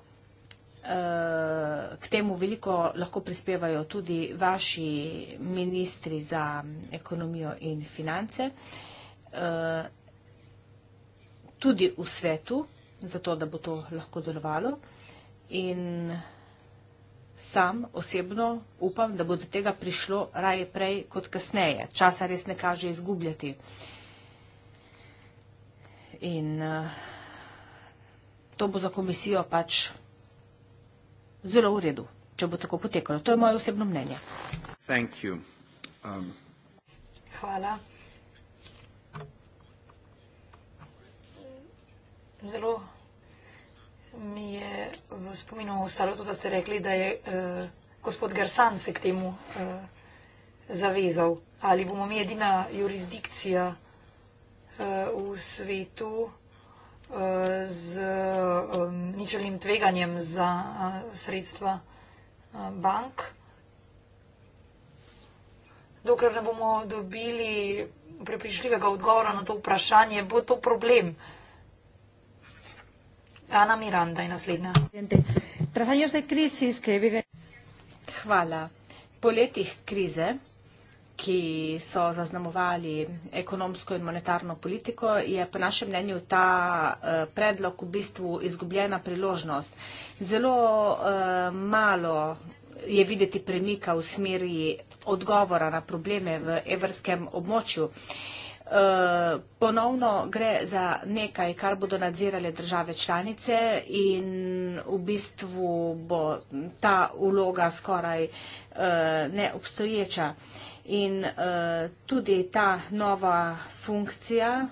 eh, k temu veliko lahko prispevajo tudi vaši ministri za ekonomijo in finance, eh, tudi v svetu, zato da bo to lahko delovalo in vsega, Sam osebno upam, da bo do tega prišlo raje prej kot kasneje. Časa res ne kaže izgubljati. In uh, to bo za komisijo pač zelo v redu, če bo tako potekalo. To je moje osebno mnenje. Um. Hvala. Zelo mi je v spominu ostalo to, da ste rekli, da je uh, gospod Gersan se k temu uh, zavezal. Ali bomo mi edina jurisdikcija uh, v svetu uh, z um, ničelnim tveganjem za uh, sredstva uh, bank, dokler ne bomo dobili prepričljivega odgovora na to vprašanje, bo to problem. Uh, Ana Miranda je naslednja. Hvala. Po letih krize, ki so zaznamovali ekonomsko in monetarno politiko, je po našem mnenju ta eh, predlog v bistvu izgubljena priložnost. Zelo eh, malo je videti premika v smeri odgovora na probleme v evrskem območju. Eh, ponovno gre za nekaj, kar bodo nadzirale države članice in v bistvu bo ta uloga skoraj eh, neobstoječa. In eh, tudi ta nova funkcija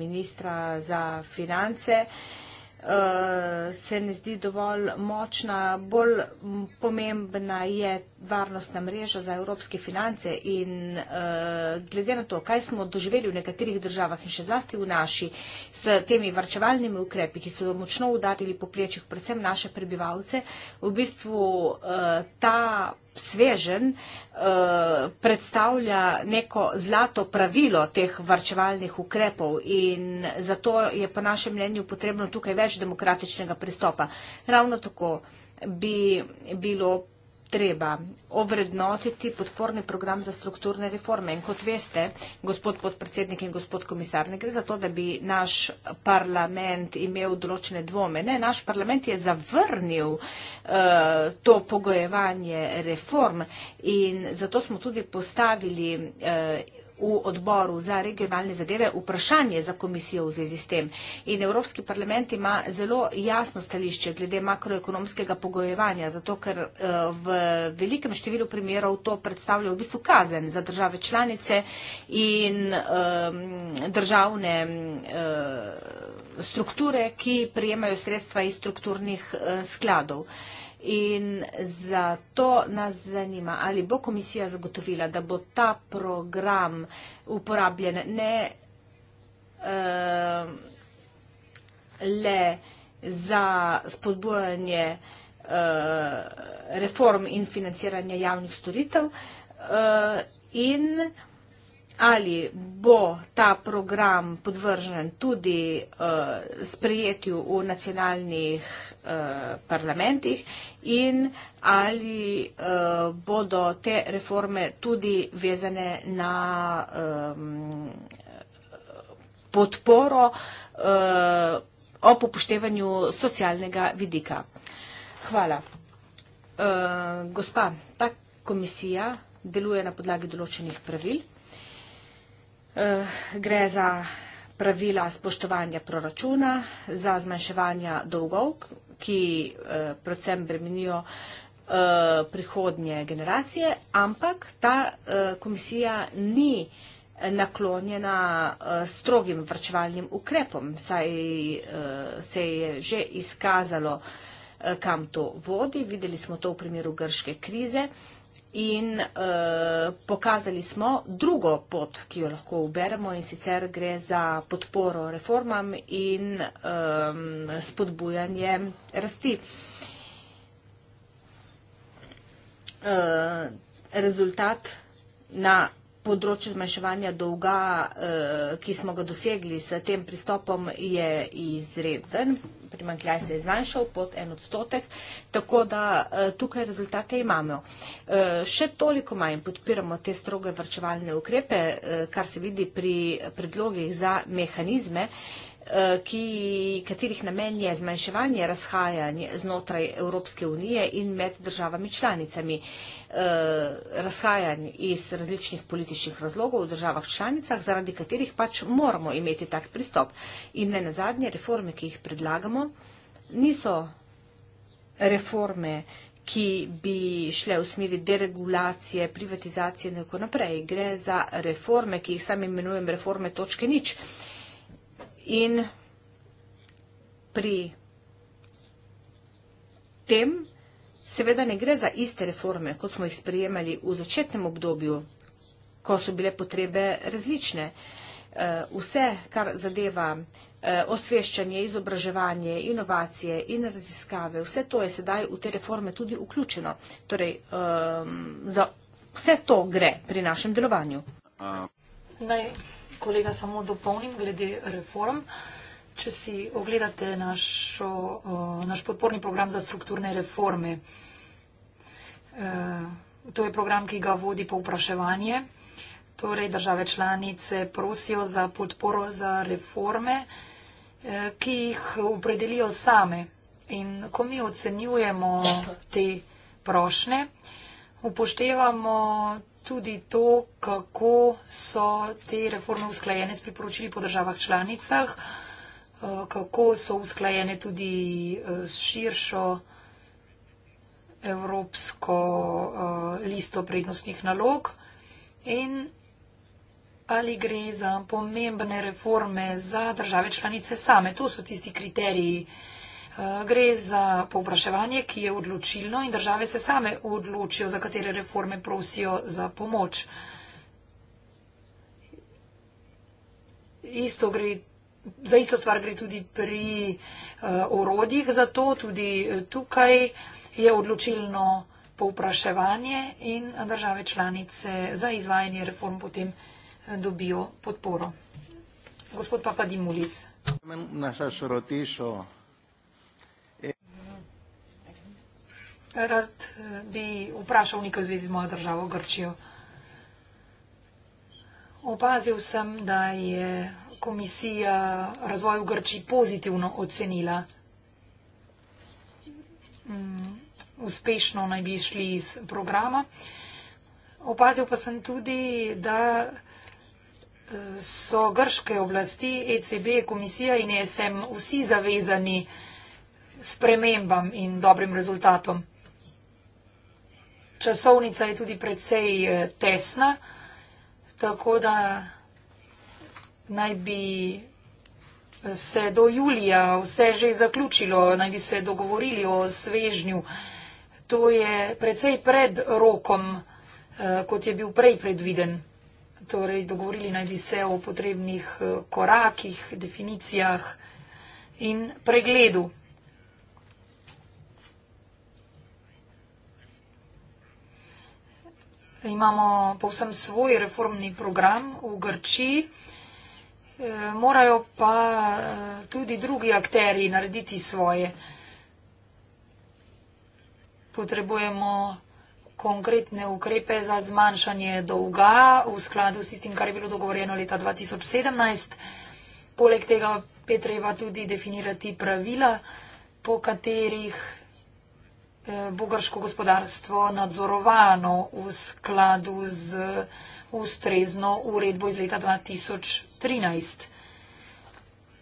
ministra za finance je se ne zdi dovolj močna. Bolj pomembna je varnostna mreža za evropske finance in eh, glede na to, kaj smo doživeli v nekaterih državah in še zlasti v naši s temi varčevalnimi ukrepi, ki so močno udarili po plečih predvsem naše prebivalce, v bistvu eh, ta svežen eh, predstavlja neko zlato pravilo teh varčevalnih ukrepov in zato je po našem mnenju potrebno tukaj več demokratičnega pristopa. Ravno tako bi bilo treba ovrednotiti podporni program za strukturne reforme. In kot veste, gospod podpredsednik in gospod komisar, ne gre za to, da bi naš parlament imel določene dvome. Ne, naš parlament je zavrnil uh, to pogojevanje reform in zato smo tudi postavili uh, v odboru za regionalne zadeve vprašanje za komisijo v zvezi s tem. In Evropski parlament ima zelo jasno stališče glede makroekonomskega pogojevanja, zato ker eh, v velikem številu primerov to predstavlja v bistvu kazen za države članice in um, državne um, strukture, ki prijemajo sredstva iz strukturnih uh, skladov. In zato nas zanima, ali bo komisija zagotovila, da bo ta program uporabljen ne uh, le za spodbujanje uh, reform in financiranje javnih storitev uh, in ali bo ta program podvržen tudi uh, sprejetju v nacionalnih uh, parlamentih in ali uh, bodo te reforme tudi vezane na um, podporo uh, ob upoštevanju socialnega vidika. Hvala. Uh, gospa, ta komisija deluje na podlagi določenih pravil. Eh, gre za pravila spoštovanja proračuna, za zmanjševanja dolgov, ki eh, predvsem bremenijo eh, prihodnje generacije, ampak ta komisija ni naklonjena strogim vrčevalnim ukrepom, saj se je že izkazalo, kam to vodi. Videli smo to v primeru grške krize in uh, pokazali smo drugo pot, ki jo lahko uberemo in sicer gre za podporo reformam in um, spodbujanje rasti. Uh, rezultat na področje zmanjševanja dolga, eh, ki smo ga dosegli s tem pristopom, je izreden. Primankljaj se je zmanjšal pod en odstotek, tako da eh, tukaj rezultate imamo. Eh, še toliko manj podpiramo te stroge vrčevalne ukrepe, kar se vidi pri predlogih za mehanizme. Ki, katerih namen je zmanjševanje razhajanja znotraj Evropske unije in med državami članicami. Eh, razhajanj iz različnih političnih razlogov v državah članicah, zaradi katerih pač moramo imeti tak pristop. In ne nazadnje, reforme, ki jih predlagamo, niso reforme, ki bi šle v smeri deregulacije, privatizacije in tako naprej. Gre za reforme, ki jih sam imenujem reforme točke nič. In pri tem Seveda ne gre za iste reforme, kot smo jih sprejemali v začetnem obdobju, ko so bile potrebe različne. Eh, vse, kar zadeva eh, osveščanje, izobraževanje, inovacije in raziskave, vse to je sedaj v te reforme tudi vključeno. Torej, ehm, za vse to gre pri našem delovanju. Naj kolega samo dopolnim glede reform če si ogledate našo, naš podporni program za strukturne reforme. E, to je program, ki ga vodi povpraševanje. Torej, države članice prosijo za podporo za reforme, e, ki jih opredelijo same. In ko mi ocenjujemo te prošnje, upoštevamo tudi to, kako so te reforme usklajene s priporočili po državah članicah. Eh, kako so usklajene tudi eh, s širšo evropsko eh, listo prednostnih nalog in ali gre za pomembne reforme za države članice same. To so tisti kriteriji. Gre za povpraševanje, ki je odločilno in države se same odločijo, za katere reforme prosijo za pomoč. Isto gre za isto stvar gre tudi pri uh, orodjih, zato tudi eh, tukaj je odločilno povpraševanje in države članice za izvajanje reform potem eh, dobijo podporo. Gospod Papa Dimulis. Rad bi vprašal nekaj v zvezi z mojo državo Grčijo. Opazil sem, da je komisija razvoj v Grči pozitivno ocenila. Mm, uspešno naj bi šli iz programa. Opazil pa sem tudi, da eh, so grške oblasti, ECB, komisija in ESM vsi zavezani spremembam in dobrim rezultatom. Časovnica je tudi precej eh, tesna, tako da naj bi se do julija vse že zaključilo, naj bi se dogovorili o svežnju. To je precej pred rokom, eh, kot je bil prej predviden. Torej, dogovorili naj bi se o potrebnih eh, korakih, definicijah in pregledu. Imamo povsem svoj reformni program v Grčiji. Eh, morajo pa eh, tudi drugi akteri narediti svoje. Potrebujemo konkretne ukrepe za zmanjšanje dolga v skladu s tistim, kar je bilo dogovorjeno leta 2017. Poleg tega je treba tudi definirati pravila, po katerih eh, bo grško gospodarstvo nadzorovano v skladu z ustrezno uredbo iz leta 2013.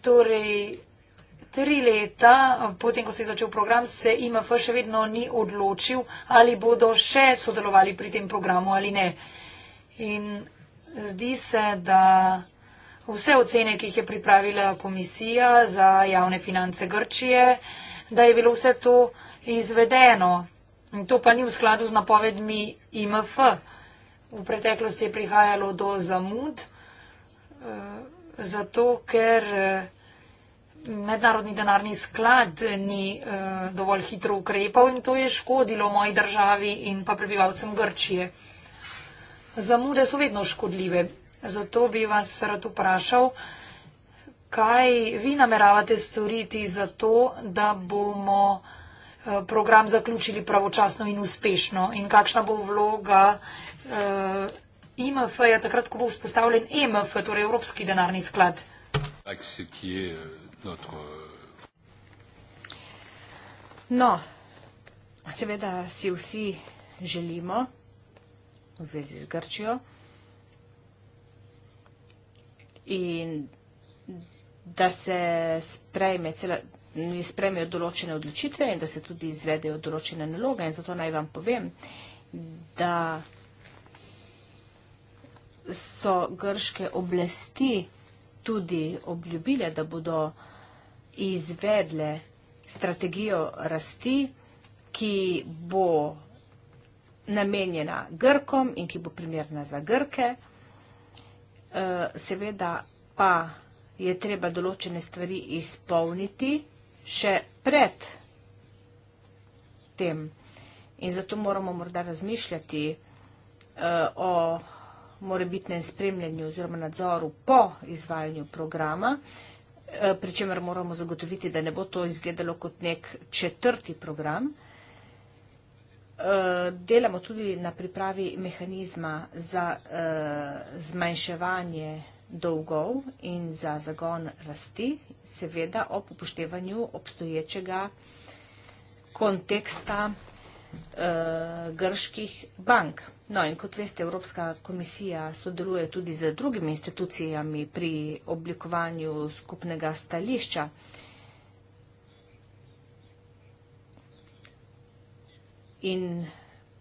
Torej, tri leta potem, ko se je začel program, se IMF še vedno ni odločil, ali bodo še sodelovali pri tem programu ali ne. In zdi se, da vse ocene, ki jih je pripravila komisija za javne finance Grčije, da je bilo vse to izvedeno. In to pa ni v skladu z napovedmi IMF. -a v preteklosti je prihajalo do zamud, eh, zato ker eh, mednarodni denarni sklad ni eh, dovolj hitro ukrepal in to je škodilo moji državi in pa prebivalcem Grčije. Zamude so vedno škodljive, zato bi vas rad vprašal, kaj vi nameravate storiti za to, da bomo program zaključili pravočasno in uspešno in kakšna bo vloga uh, eh, IMF je takrat, ko bo vzpostavljen EMF, torej Evropski denarni sklad. No, seveda si vsi želimo v zvezi z Grčijo in da se sprejme cela mi spremijo določene odločitve in da se tudi izvedejo določene naloge in zato naj vam povem, da so grške oblasti tudi obljubile, da bodo izvedle strategijo rasti, ki bo namenjena Grkom in ki bo primerna za Grke. Eh, seveda pa je treba določene stvari izpolniti, še pred tem. In zato moramo morda razmišljati uh, o morebitnem spremljanju oziroma nadzoru po izvajanju programa, uh, pri čemer moramo zagotoviti, da ne bo to izgledalo kot nek četrti program. Eh, delamo tudi na pripravi mehanizma za uh, zmanjševanje dolgov in za zagon rasti, seveda ob upoštevanju obstoječega konteksta uh, grških bank. No in kot veste, Evropska komisija sodeluje tudi z drugimi institucijami pri oblikovanju skupnega stališča. In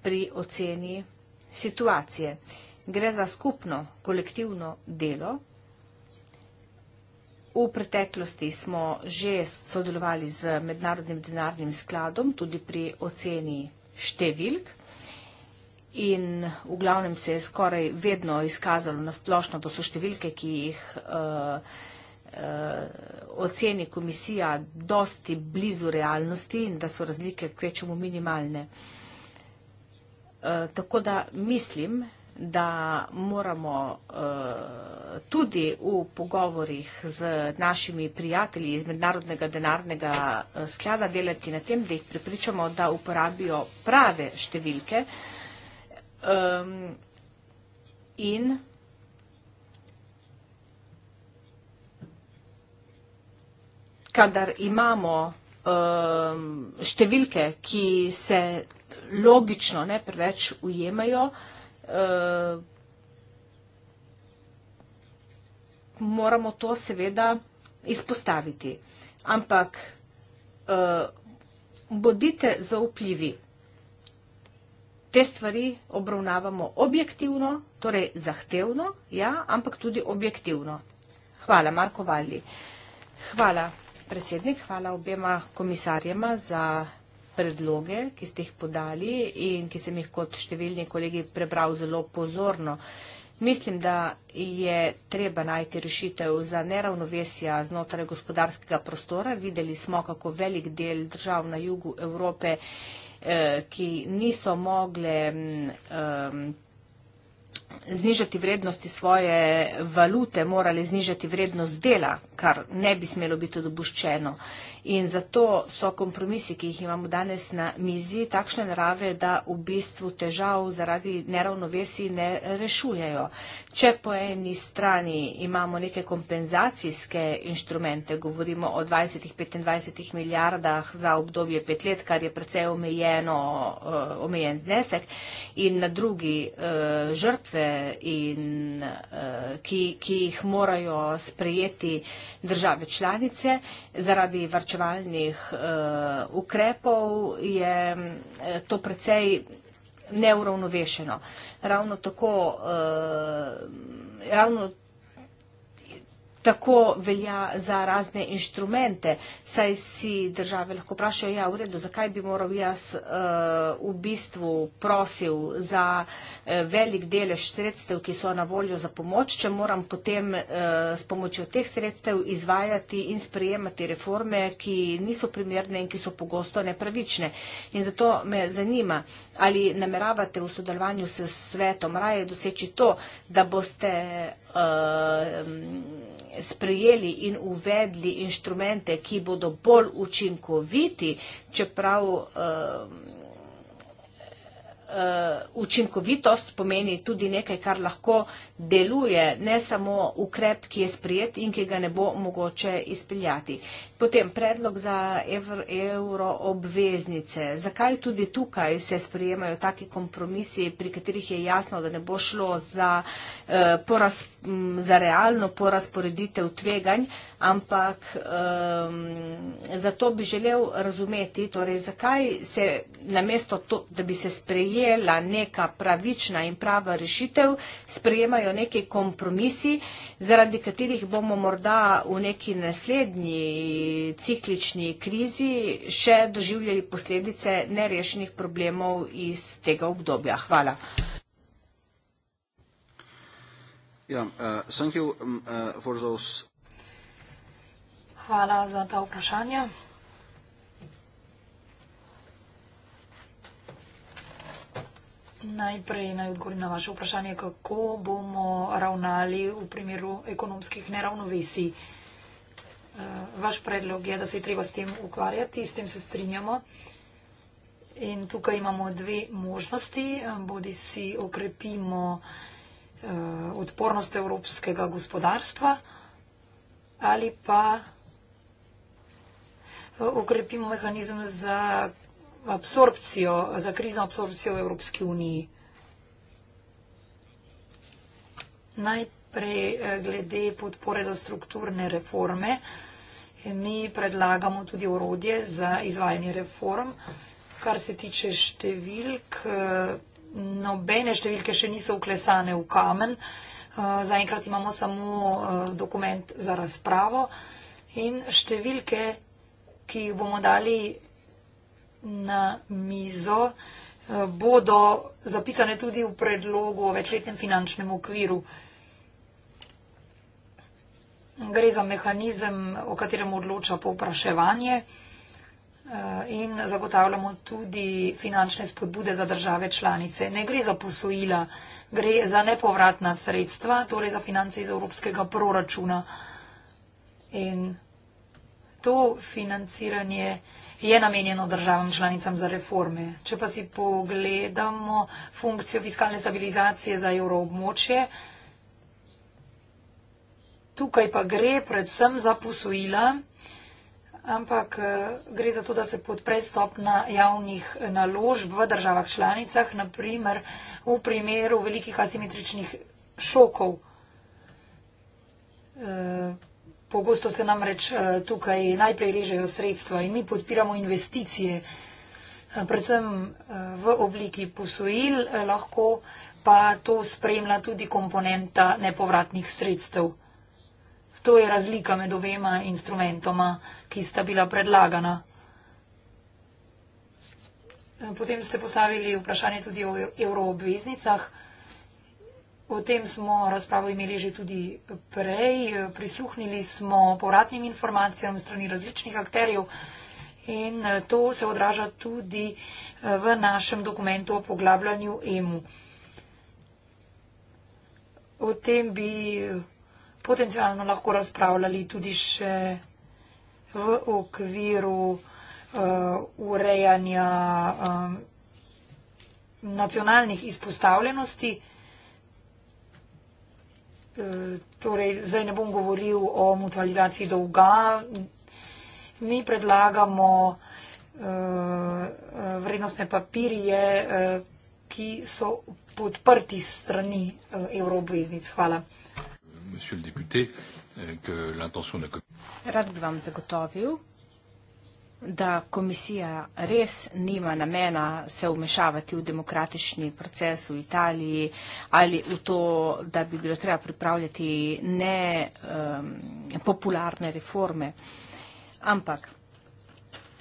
pri oceni situacije. Uh, gre za skupno kolektivno delo. V preteklosti smo že sodelovali z mednarodnim denarnim skladom tudi pri oceni številk in v glavnem se je skoraj vedno izkazalo na splošno, da so številke, ki jih uh, oceni komisija dosti blizu realnosti in da so razlike k večjemu minimalne. Eh, tako da mislim, da moramo eh, tudi v pogovorih z našimi prijatelji iz mednarodnega denarnega eh, sklada delati na tem, da jih pripričamo, da uporabijo prave številke ehm, in kadar imamo ehm, številke, ki se logično ne preveč ujemajo, da imamo Eh, moramo to seveda izpostaviti. Ampak eh, bodite zaupljivi. Te stvari obravnavamo objektivno, torej zahtevno, ja, ampak tudi objektivno. Hvala, Marko Valli. Hvala, predsednik, hvala obema komisarjema za vsega predloge, ki ste jih podali in ki sem jih kot številni kolegi prebral zelo pozorno. Mislim, da je treba najti rešitev za neravnovesja znotraj gospodarskega prostora. Videli smo, kako velik del držav na jugu Evrope, eh, ki niso mogle mm, eh, znižati vrednosti svoje valute, morali znižati vrednost dela, kar ne bi smelo biti dobuščeno. In zato so kompromisi, ki jih imamo danes na mizi, takšne narave, da v bistvu težav zaradi neravnovesij ne rešujejo. Če po eni strani imamo neke kompenzacijske inštrumente, govorimo o 20-25 milijardah za obdobje pet let, kar je precej omejeno, eh, omejen znesek, in na drugi eh, žrtve, in, eh, ki, ki jih morajo sprejeti države članice zaradi varčevanja, preprečevalnih uh, eh, ukrepov, je eh, to precej neuravnovešeno. Ravno tako, uh, ravno tako, Tako velja za razne inštrumente. Saj si države lahko vprašajo, ja, v redu, zakaj bi moral jaz uh, v bistvu prosil za uh, velik delež sredstev, ki so na voljo za pomoč, če moram potem uh, s pomočjo teh sredstev izvajati in sprejemati reforme, ki niso primerne in ki so pogosto nepravične. In zato me zanima, ali nameravate v sodelovanju s svetom raje doseči to, da boste Eh, sprejeli in uvedli inštrumente, ki bodo bolj učinkoviti, čeprav. Uh, uh, učinkovitost pomeni tudi nekaj, kar lahko deluje, ne samo ukrep, ki je sprijet in ki ga ne bo mogoče izpeljati. Potem predlog za evro obveznice. Zakaj tudi tukaj se sprijemajo taki kompromisi, pri katerih je jasno, da ne bo šlo za, uh, poraz, m, za realno porazporeditev tveganj, ampak um, zato bi želel razumeti, torej, zakaj se namesto to, da bi se sprejel, sprejela neka pravična in prava rešitev, sprejemajo neki kompromisi, zaradi katerih bomo morda v neki naslednji ciklični krizi še doživljali posledice nerešenih problemov iz tega obdobja. Hvala. Ja, eh, mm, eh, Hvala za ta vprašanja. Najprej naj odgovorim na vaše vprašanje, kako bomo ravnali v primeru ekonomskih neravnovesij. Eh, vaš predlog je, da se je treba s tem ukvarjati, s tem se strinjamo. In tukaj imamo dve možnosti. Bodi si okrepimo eh, odpornost evropskega gospodarstva ali pa eh, okrepimo mehanizem za absorpcijo, za krizno absorpcijo v Evropski uniji. Najprej eh, glede podpore za strukturne reforme. Mi predlagamo tudi orodje za izvajanje reform. Kar se tiče številk, eh, nobene številke še niso uklesane v kamen. Eh, zaenkrat imamo samo dokument za razpravo in številke, ki jih bomo dali na mizo, eh, bodo zapisane tudi v predlogu o večletnem finančnem okviru. Gre za mehanizem, o katerem odloča povpraševanje eh, in zagotavljamo tudi finančne spodbude za države članice. Ne gre za posojila, gre za nepovratna sredstva, torej za finance iz evropskega proračuna. In to financiranje je namenjeno državam članicam za reforme. Če pa si pogledamo funkcijo fiskalne stabilizacije za evroobmočje, tukaj pa gre predvsem za posojila, ampak eh, gre za to, da se podpre stopna javnih eh, naložb v državah članicah, naprimer v primeru velikih asimetričnih šokov. Eh, Pogosto se nam reč eh, tukaj najprej režejo sredstva in mi podpiramo investicije, eh, predvsem eh, v obliki posojil, lahko pa to spremlja tudi komponenta nepovratnih sredstev. To je razlika med obema instrumentoma, ki sta bila predlagana. Potem ste postavili vprašanje tudi o evroobveznicah. Evro O tem smo razpravo imeli že tudi prej, prisluhnili smo povratnim informacijam strani različnih akterjev in eh, to se odraža tudi eh, v našem dokumentu o poglabljanju EMU. O tem bi eh, potencialno lahko razpravljali tudi še v okviru uh, urejanja um, nacionalnih izpostavljenosti. Uh, E, torej, zdaj ne bom govoril o mutualizaciji dolga. Mi predlagamo e, vrednostne papirje, e, ki so podprti strani evroobveznic. Hvala. Rad bi vam zagotovil, da komisija res nima namena se umešavati v demokratični proces v Italiji ali v to, da bi bilo treba pripravljati nepopularne um, reforme. Ampak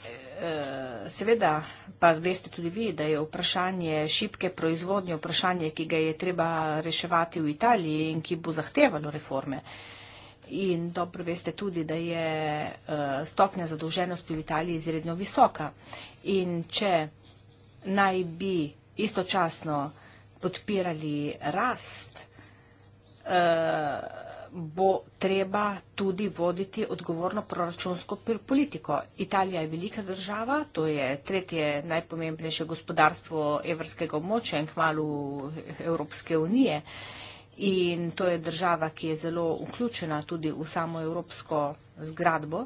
eh, seveda pa veste tudi vi, da je vprašanje šipke proizvodnje vprašanje, ki ga je treba reševati v Italiji in ki bo zahtevalo reforme. Uh, In dobro veste tudi, da je eh, stopnja zadolženosti v Italiji izredno visoka. In če naj bi istočasno podpirali rast, eh, bo treba tudi voditi odgovorno proračunsko politiko. Italija je velika država, to je tretje najpomembnejše gospodarstvo evrskega območja in kmalu Evropske unije in to je država, ki je zelo vključena tudi v samo evropsko zgradbo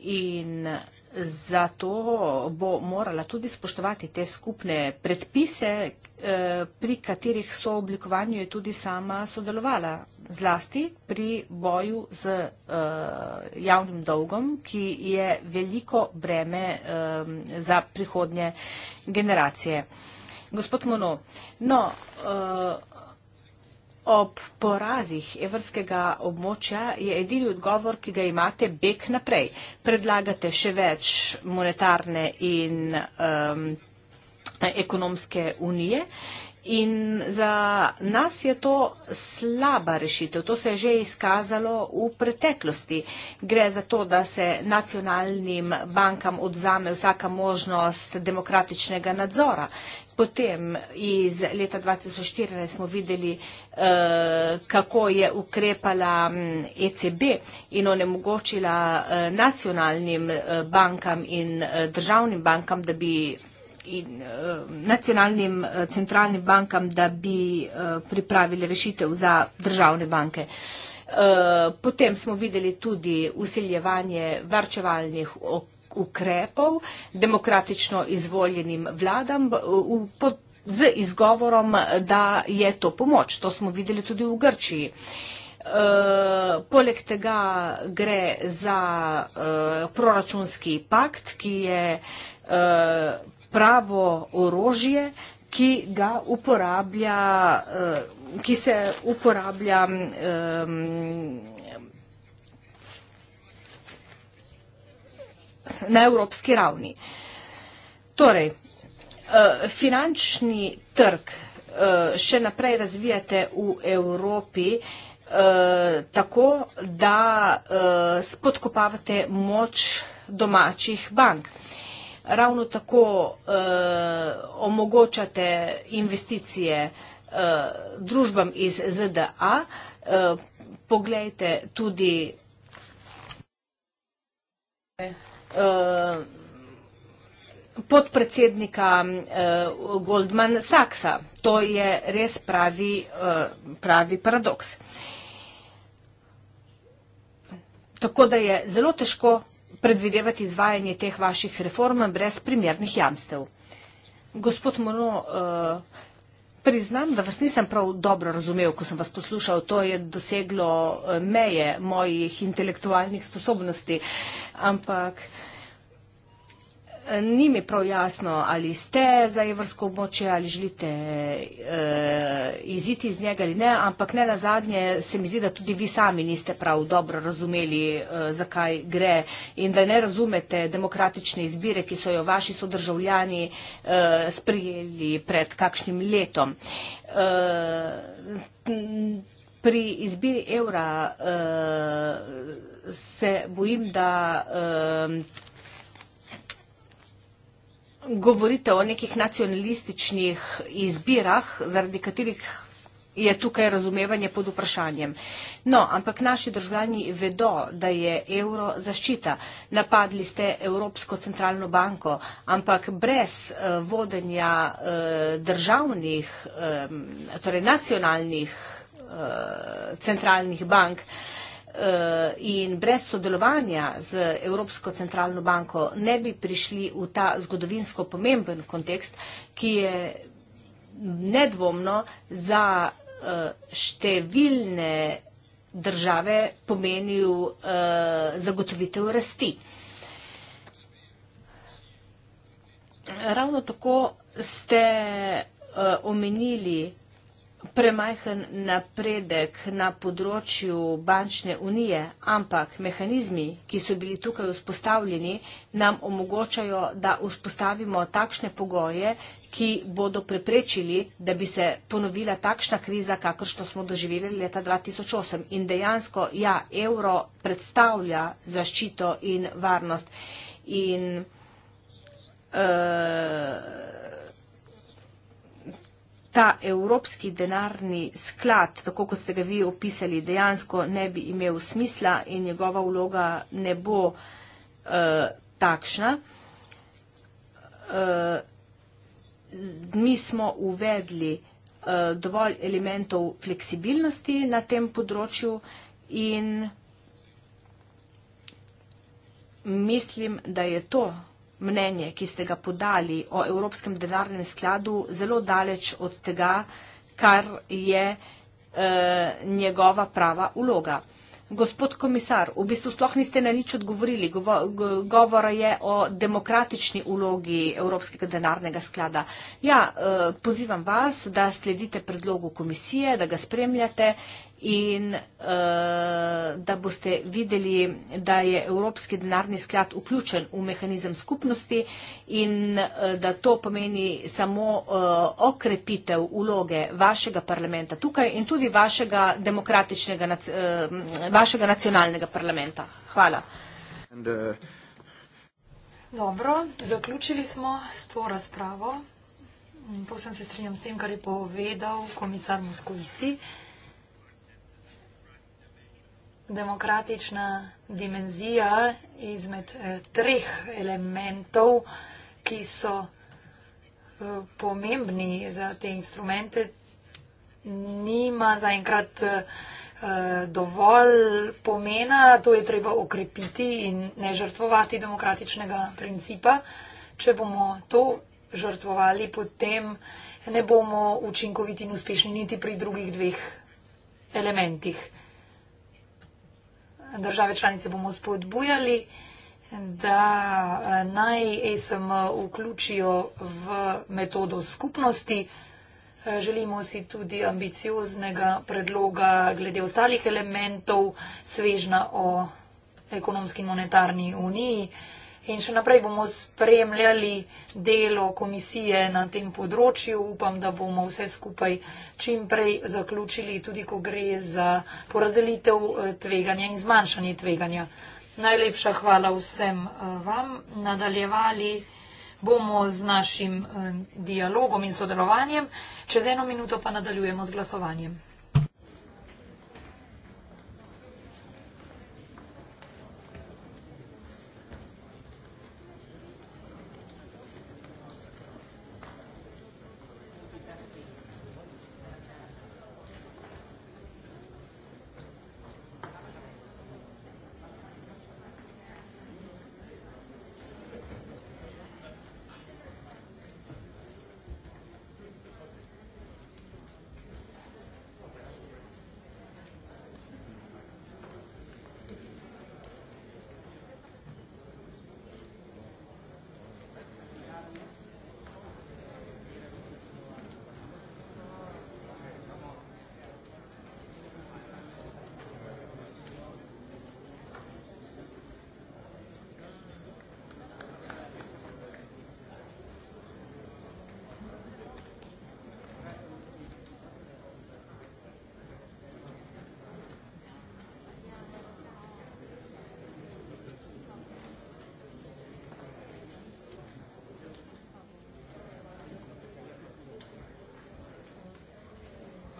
in zato bo morala tudi spoštovati te skupne predpise, eh, pri katerih so oblikovanju je tudi sama sodelovala zlasti pri boju z eh, javnim dolgom, ki je veliko breme eh, za prihodnje generacije. Gospod Mono, no, Ob porazih evrskega območja je edini odgovor, ki ga imate, bek naprej. Predlagate še več monetarne in um, ekonomske unije In za nas je to slaba rešitev. To se je že izkazalo v preteklosti. Gre za to, da se nacionalnim bankam odzame vsaka možnost demokratičnega nadzora. Potem iz leta 2014 smo videli, eh, kako je ukrepala mm, ECB in onemogočila eh, nacionalnim eh, bankam in državnim bankam, da bi in eh, nacionalnim eh, centralnim bankam, da bi eh, pripravili rešitev za državne banke. Potem smo videli tudi usiljevanje varčevalnih ukrepov demokratično izvoljenim vladam z izgovorom, da je to pomoč. To smo videli tudi v Grčiji. Poleg tega gre za proračunski pakt, ki je pravo orožje, ki ga uporablja, uh, ki se uporablja um, na evropski ravni. Torej, uh, finančni trg uh, še naprej razvijate v Evropi uh, tako, da uh, spodkopavate moč domačih bank. Uh, ravno tako eh, omogočate investicije eh, družbam iz ZDA. Eh, poglejte tudi eh, podpredsednika eh, Goldman Sachsa. To je res pravi, eh, pravi paradoks. Tako da je zelo težko predvidevati izvajanje teh vaših reform brez primernih jamstev. Gospod Mono, eh, priznam, da vas nisem prav dobro razumel, ko sem vas poslušal. To je doseglo eh, meje mojih intelektualnih sposobnosti, ampak ni mi prav jasno, ali ste za evrsko območje, ali želite uh, iziti iz njega ali ne, ampak ne na zadnje se mi zdi, da tudi vi sami niste prav dobro razumeli, uh, eh, zakaj gre in da ne razumete demokratične izbire, ki so jo vaši sodržavljani uh, eh, sprijeli pred kakšnim letom. Uh, pri izbiri evra uh, se bojim, da. Uh, govorite o nekih nacionalističnih izbirah, zaradi katerih je tukaj razumevanje pod vprašanjem. No, ampak naši državljani vedo, da je evro zaščita. Napadli ste Evropsko centralno banko, ampak brez eh, vodenja eh, državnih, eh, torej nacionalnih centralnih bank, Eh, in brez sodelovanja z Evropsko centralno banko ne bi prišli v ta zgodovinsko pomemben kontekst, ki je nedvomno za eh, številne države pomenil eh, zagotovitev rasti. Ravno tako ste omenili, premajhen napredek na področju bančne unije, ampak mehanizmi, ki so bili tukaj vzpostavljeni, nam omogočajo, da vzpostavimo takšne pogoje, ki bodo preprečili, da bi se ponovila takšna kriza, kakršno smo doživeli leta 2008. In dejansko, ja, evro predstavlja zaščito in varnost. In, uh, ta evropski denarni sklad, tako kot ste ga vi opisali, dejansko ne bi imel smisla in njegova vloga ne bo uh, takšna. Uh, mi smo uvedli uh, dovolj elementov fleksibilnosti na tem področju in mislim, da je to mnenje, ki ste ga podali o Evropskem denarnem skladu, zelo daleč od tega, kar je eh, njegova prava uloga. Gospod komisar, v bistvu sploh niste na nič odgovorili. Govora je o demokratični ulogi Evropskega denarnega sklada. Ja, eh, pozivam vas, da sledite predlogu komisije, da ga spremljate in uh, da boste videli, da je Evropski denarni sklad vključen v mehanizem skupnosti in uh, da to pomeni samo uh, okrepitev uloge vašega parlamenta tukaj in tudi vašega demokratičnega, nac, uh, vašega nacionalnega parlamenta. Hvala. And, uh... Dobro, zaključili smo s to razpravo. Posem se strinjam s tem, kar je povedal komisar Moskovici demokratična dimenzija izmed eh, treh elementov, ki so eh, pomembni za te instrumente, nima zaenkrat eh, dovolj pomena, to je treba okrepiti in ne žrtvovati demokratičnega principa. Če bomo to žrtvovali, potem ne bomo učinkoviti in uspešni niti pri drugih dveh elementih države članice bomo spodbujali, da eh, naj ESM vključijo v metodo skupnosti. Eh, želimo si tudi ambicioznega predloga glede ostalih elementov, svežna o ekonomski in monetarni uniji. In še naprej bomo spremljali delo komisije na tem področju. Upam, da bomo vse skupaj čim prej zaključili, tudi ko gre za porazdelitev eh, tveganja in zmanjšanje tveganja. Najlepša hvala vsem eh, vam. Nadaljevali bomo z našim eh, dialogom in sodelovanjem. Čez eno minuto pa nadaljujemo z glasovanjem.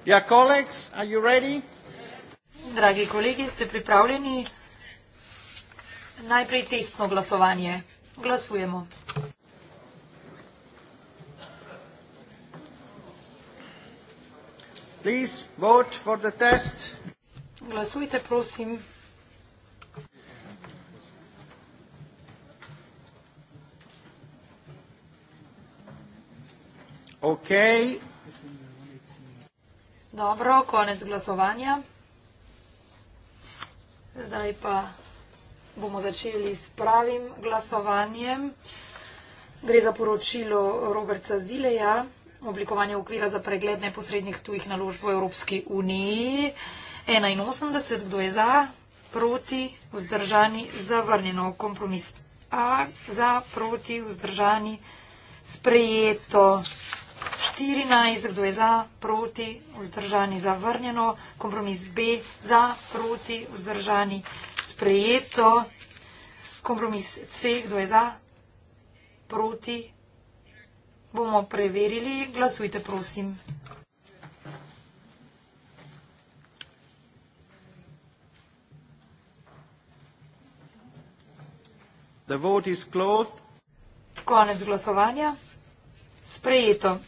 Ja, colleagues, are you ready? Dragi kolegi, ste pripravljeni? Najprej testno glasovanje. Glasujemo. Please vote for the test. Glasujte, prosim. Okay, Dobro, konec glasovanja. Zdaj pa bomo začeli s pravim glasovanjem. Gre za poročilo Roberta Zileja, oblikovanje okvira za pregled neposrednih tujih naložb v Evropski uniji. 81, kdo je za, proti, vzdržani, zavrnjeno, kompromis A, za, proti, vzdržani, sprejeto. 14, kdo je za, proti, vzdržani, zavrnjeno, kompromis B, za, proti, vzdržani, sprejeto, kompromis C, kdo je za, proti, bomo preverili, glasujte, prosim. Konec glasovanja. Sprejeto.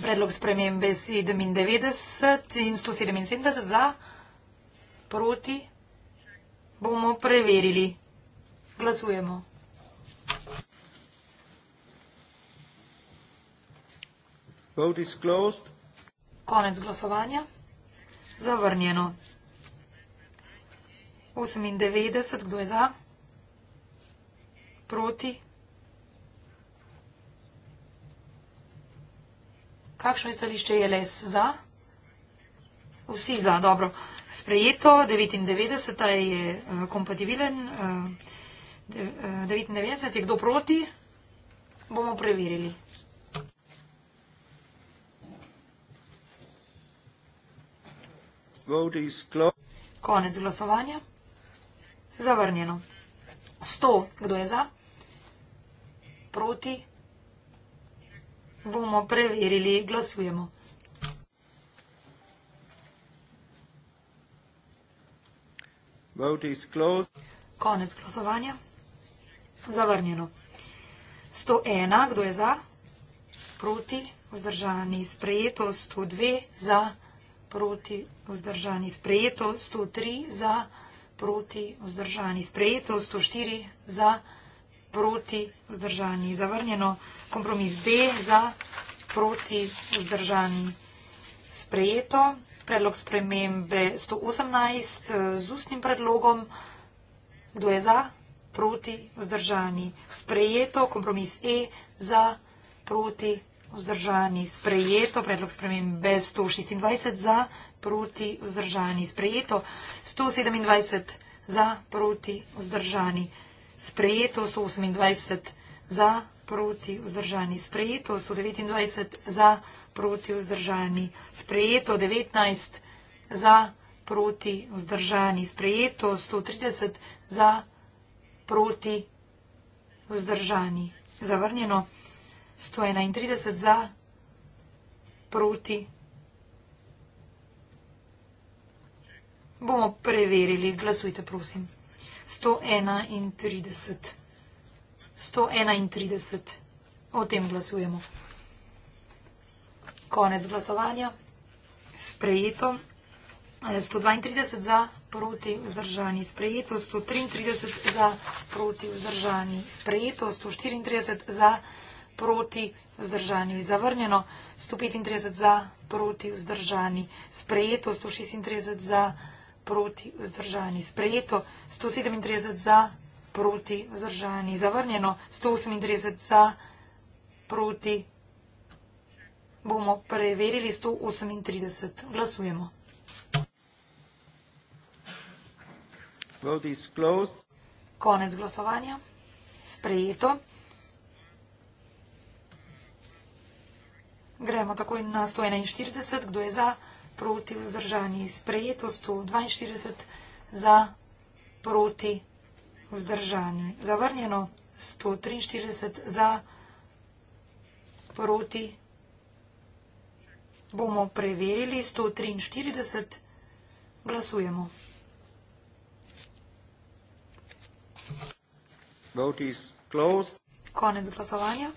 Predlog spremembe 97 in 177 za, proti bomo preverili. Glasujemo. Vote is closed. Konec glasovanja. Zavrnjeno. 98, kdo je za? Proti. Kakšno je stališče LS za? Vsi za, dobro. Sprejeto, 99 je eh, kompatibilen, 99 eh, eh, je kdo proti, bomo preverili. Konec glasovanja. Zavrnjeno. 100, kdo je za? Proti bomo preverili. Glasujemo. Vote is closed. Konec glasovanja. Zavrnjeno. 101, kdo je za? Proti, vzdržani, sprejeto. 102, za, proti, vzdržani, sprejeto. 103, za, proti, vzdržani, sprejeto. 104, za, proti, vzdržani, zavrnjeno kompromis D za proti vzdržani sprejeto. Predlog spremembe 118 eh, z ustnim predlogom. Kdo je za? Proti vzdržani sprejeto. Kompromis E za proti vzdržani sprejeto. Predlog spremembe 126 za proti vzdržani sprejeto. 127 za proti vzdržani sprejeto. 128 za, proti, vzdržani, sprejeto, 129 za, proti, vzdržani, sprejeto, 19 za, proti, vzdržani, sprejeto, 130 za, proti, vzdržani, zavrnjeno, 131 za, proti. Bomo preverili, glasujte, prosim. 131. 131. O tem glasujemo. Konec glasovanja. Sprejeto. 132 za, proti vzdržani sprejeto. 133 za, proti vzdržani sprejeto. 134 za, proti vzdržani zavrnjeno. 135 za, proti vzdržani sprejeto. 136 za, proti vzdržani sprejeto. 137 za, proti vzdržani. Zavrnjeno 138 za proti. Bomo preverili 138. Glasujemo. Vote is closed. Konec glasovanja. Sprejeto. Gremo takoj na 141. Kdo je za? Proti vzdržani. Sprejeto 142 za proti vzdržani vzdržan. Zavrnjeno 143 za proti. Bomo preverili 143. Glasujemo. Konec glasovanja.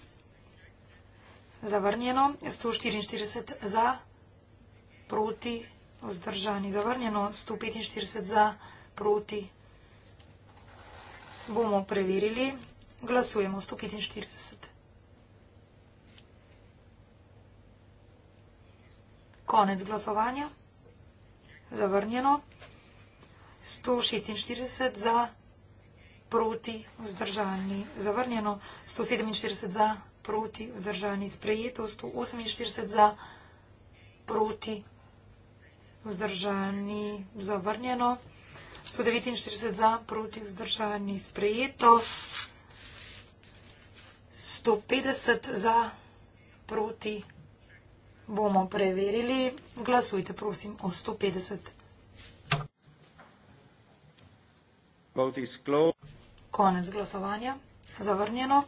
Zavrnjeno 144 za proti vzdržani. Zavrnjeno 145 za proti vzdržani. Bomo preverili. Glasujemo 145. Konec glasovanja. Zavrnjeno. 146 za, proti, vzdržani. Zavrnjeno. 147 za, proti, vzdržani. Sprejeto. 148 za, proti, vzdržani. Zavrnjeno. Zavrnjeno. 149 za, proti vzdržani sprejeto. 150 za, proti bomo preverili. Glasujte, prosim, o 150. Vote is closed. Konec glasovanja. Zavrnjeno.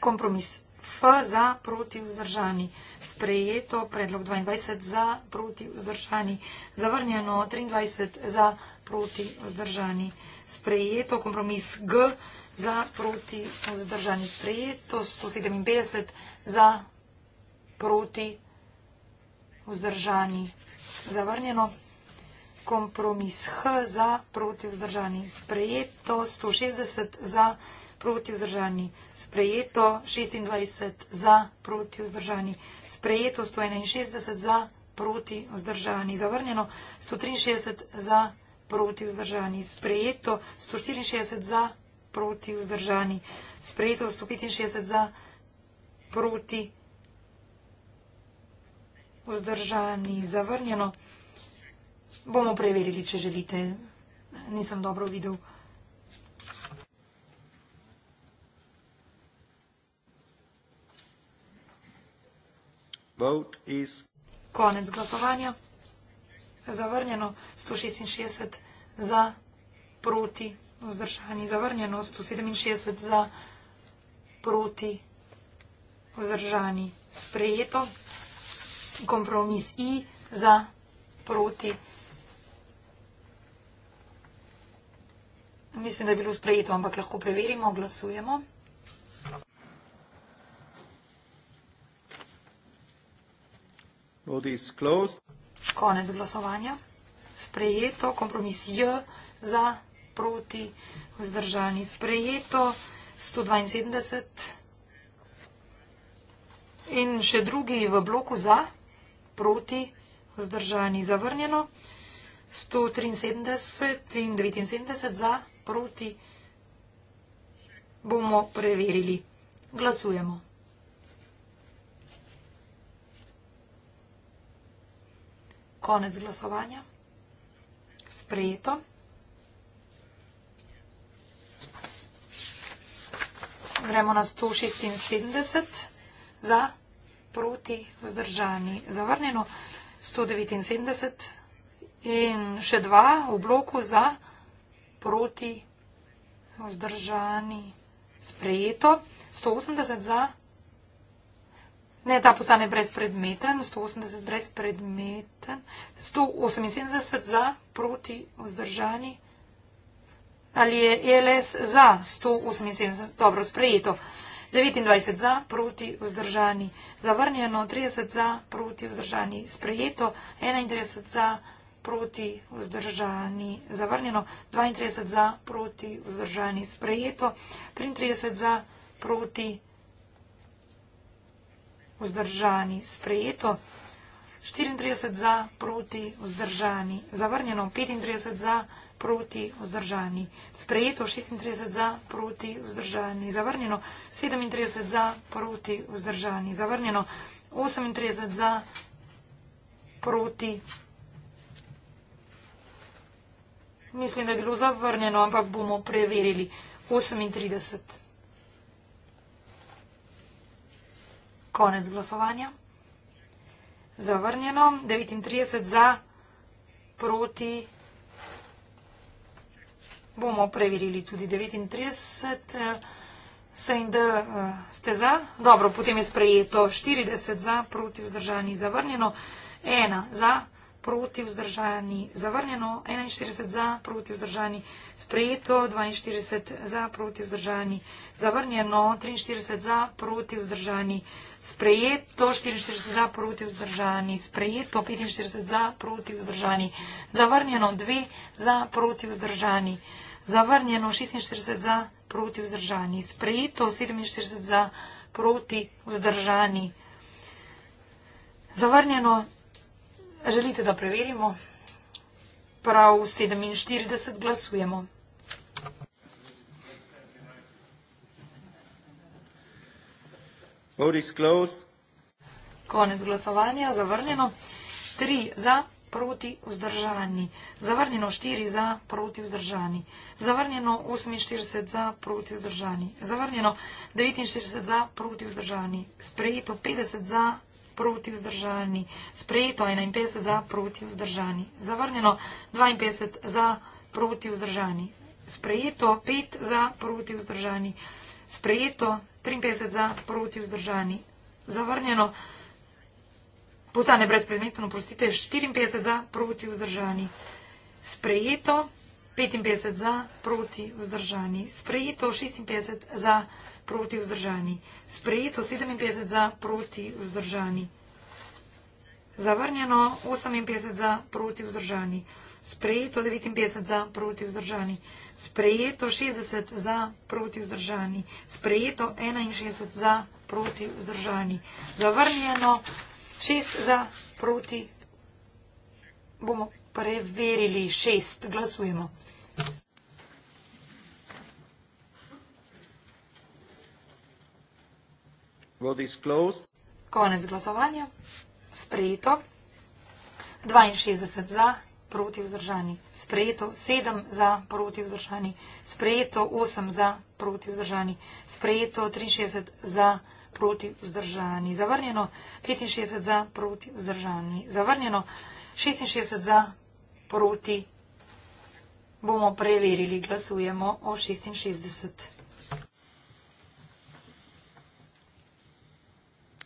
Kompromis F za proti vzdržani. Sprejeto predlog 22 za proti vzdržani. Zavrnjeno 23 za proti vzdržani. Sprejeto kompromis G za proti vzdržani. Sprejeto 157 za proti vzdržani. Zavrnjeno kompromis H za proti vzdržani. Sprejeto 160 za proti vzdržani proti vzdržani, sprejeto 26 za proti vzdržani, sprejeto 161 za proti vzdržani, zavrnjeno 163 za proti vzdržani, sprejeto 164 za proti vzdržani, sprejeto 165 za proti vzdržani, zavrnjeno. Bomo preverili, če želite. Nisem dobro videl. Is... Konec glasovanja. Zavrnjeno 166 za, proti vzdržani. Zavrnjeno 167 za, proti vzdržani. Sprejeto. Kompromis I za, proti. Mislim, da je bilo sprejeto, ampak lahko preverimo. Glasujemo. Konec glasovanja. Sprejeto, kompromis J za, proti, vzdržani. Sprejeto, 172. In še drugi v bloku za, proti, vzdržani. Zavrnjeno, 173 in 79 za, proti. Bomo preverili. Glasujemo. Konec glasovanja. Sprejeto. Gremo na 176 za, proti, vzdržani, zavrnjeno, 179 in še dva v bloku za, proti, vzdržani, sprejeto, 180 za, proti, vzdržani. Ne, ta postane brezpredmeten, 180 brezpredmeten, 178 za, proti, vzdržani. Ali je ELS za, 178, dobro, sprejeto. 29 za, proti, vzdržani, zavrnjeno, 30 za, proti, vzdržani, sprejeto, 31 za, proti, vzdržani, zavrnjeno, 32 za, proti, vzdržani, sprejeto, 33 za, proti, vzdržani vzdržani, sprejeto. 34 za, proti, vzdržani, zavrnjeno. 35 za, proti, vzdržani, sprejeto. 36 za, proti, vzdržani, zavrnjeno. 37 za, proti, vzdržani, zavrnjeno. 38 za, proti. Mislim, da je bilo zavrnjeno, ampak bomo preverili. 38 za. Konec glasovanja. Zavrnjeno. 39 za, proti. Bomo preverili tudi 39. SND eh, ste za. Dobro, potem je sprejeto. 40 za, proti vzdržani, zavrnjeno. 1 za, proti vzdržani, zavrnjeno. 41 za, proti vzdržani, sprejeto. 42 za, proti vzdržani, zavrnjeno. 43 za, proti vzdržani, zavrnjeno sprejeto 44 za proti vzdržani, sprejeto 45 za proti vzdržani, zavrnjeno 2 za proti vzdržani, zavrnjeno 46 za proti vzdržani, sprejeto 47 za proti vzdržani, zavrnjeno, želite, da preverimo, prav 47 glasujemo. Vote is closed. Konec glasovanja, zavrnjeno. Tri za, proti vzdržani. Zavrnjeno štiri za, proti vzdržani. Zavrnjeno 48 za, proti vzdržani. Zavrnjeno 49 za, proti vzdržani. Sprejeto 50 za, proti vzdržani. Sprejeto 51 za, proti vzdržani. Zavrnjeno 52 za, proti vzdržani. Sprejeto 5 za, proti vzdržani. Sprejeto 53 za, proti vzdržani, zavrnjeno, postane brezpredmetno, prosite, 54 za, proti vzdržani, sprejeto, 55 za, proti vzdržani, sprejeto, 56 za, proti vzdržani, sprejeto, 57 za, proti vzdržani, zavrnjeno, 58 za, proti vzdržani, sprejeto, 59 za, proti vzdržani, sprejeto, 59 za, proti vzdržani, sprejeto 60 za proti vzdržani, sprejeto 61 za proti vzdržani, zavrnjeno 6 za proti, bomo preverili 6, glasujemo. Konec glasovanja, sprejeto, 62 za proti vzdržani proti vzdržani. Sprejeto 7 za proti vzdržani. Sprejeto 8 za proti vzdržani. Sprejeto 63 za proti vzdržani. Zavrnjeno 65 za proti vzdržani. Zavrnjeno 66 za proti. Bomo preverili, glasujemo o 66.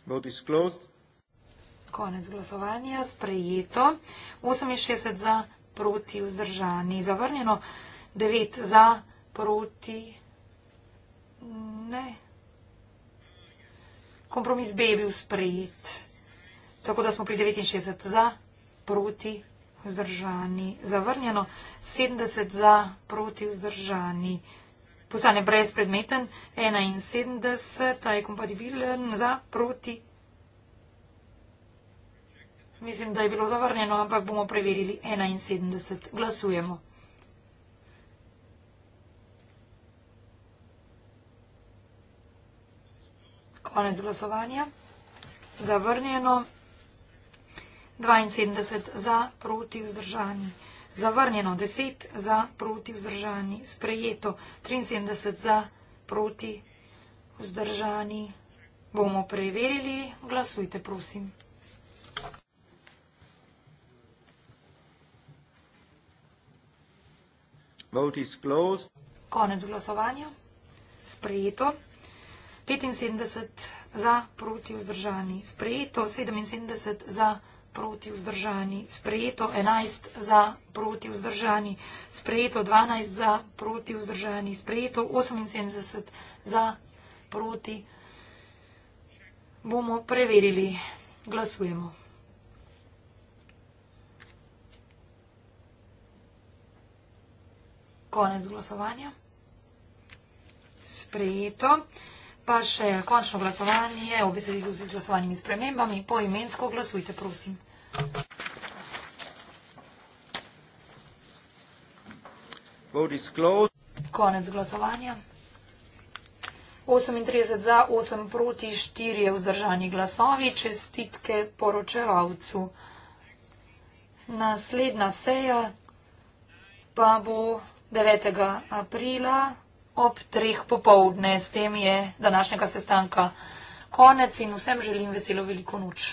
Vote is closed konec glasovanja sprejeto, 68 za, proti vzdržani, zavrnjeno, 9 za, proti ne. Kompromis B je bil sprejet, tako da smo pri 69 za, proti vzdržani, zavrnjeno, 70 za, proti vzdržani. Postane brezpredmeten, 71 je kompatibilen za proti Mislim, da je bilo zavrnjeno, ampak bomo preverili 71. Glasujemo. Konec glasovanja. Zavrnjeno. 72 za proti vzdržani. Zavrnjeno 10 za proti vzdržani. Sprejeto 73 za proti vzdržani. Bomo preverili. Glasujte, prosim. Vote is closed. Konec glasovanja. Sprejeto. 75 za, proti vzdržani. Sprejeto. 77 za, proti vzdržani. Sprejeto. 11 za, proti vzdržani. Sprejeto. 12 za, proti vzdržani. Sprejeto. 78 za, proti. Bomo preverili. Glasujemo. konec glasovanja. Sprejeto. Pa še končno glasovanje o besedilu z glasovanimi spremembami. Po imensko glasujte, prosim. Konec glasovanja. 38 za, 8 proti, 4 je vzdržani glasovi. Čestitke poročevalcu. Naslednja seja pa bo 9. aprila ob 3. popovdne. S tem je današnjega sestanka konec in vsem želim veselo veliko noč.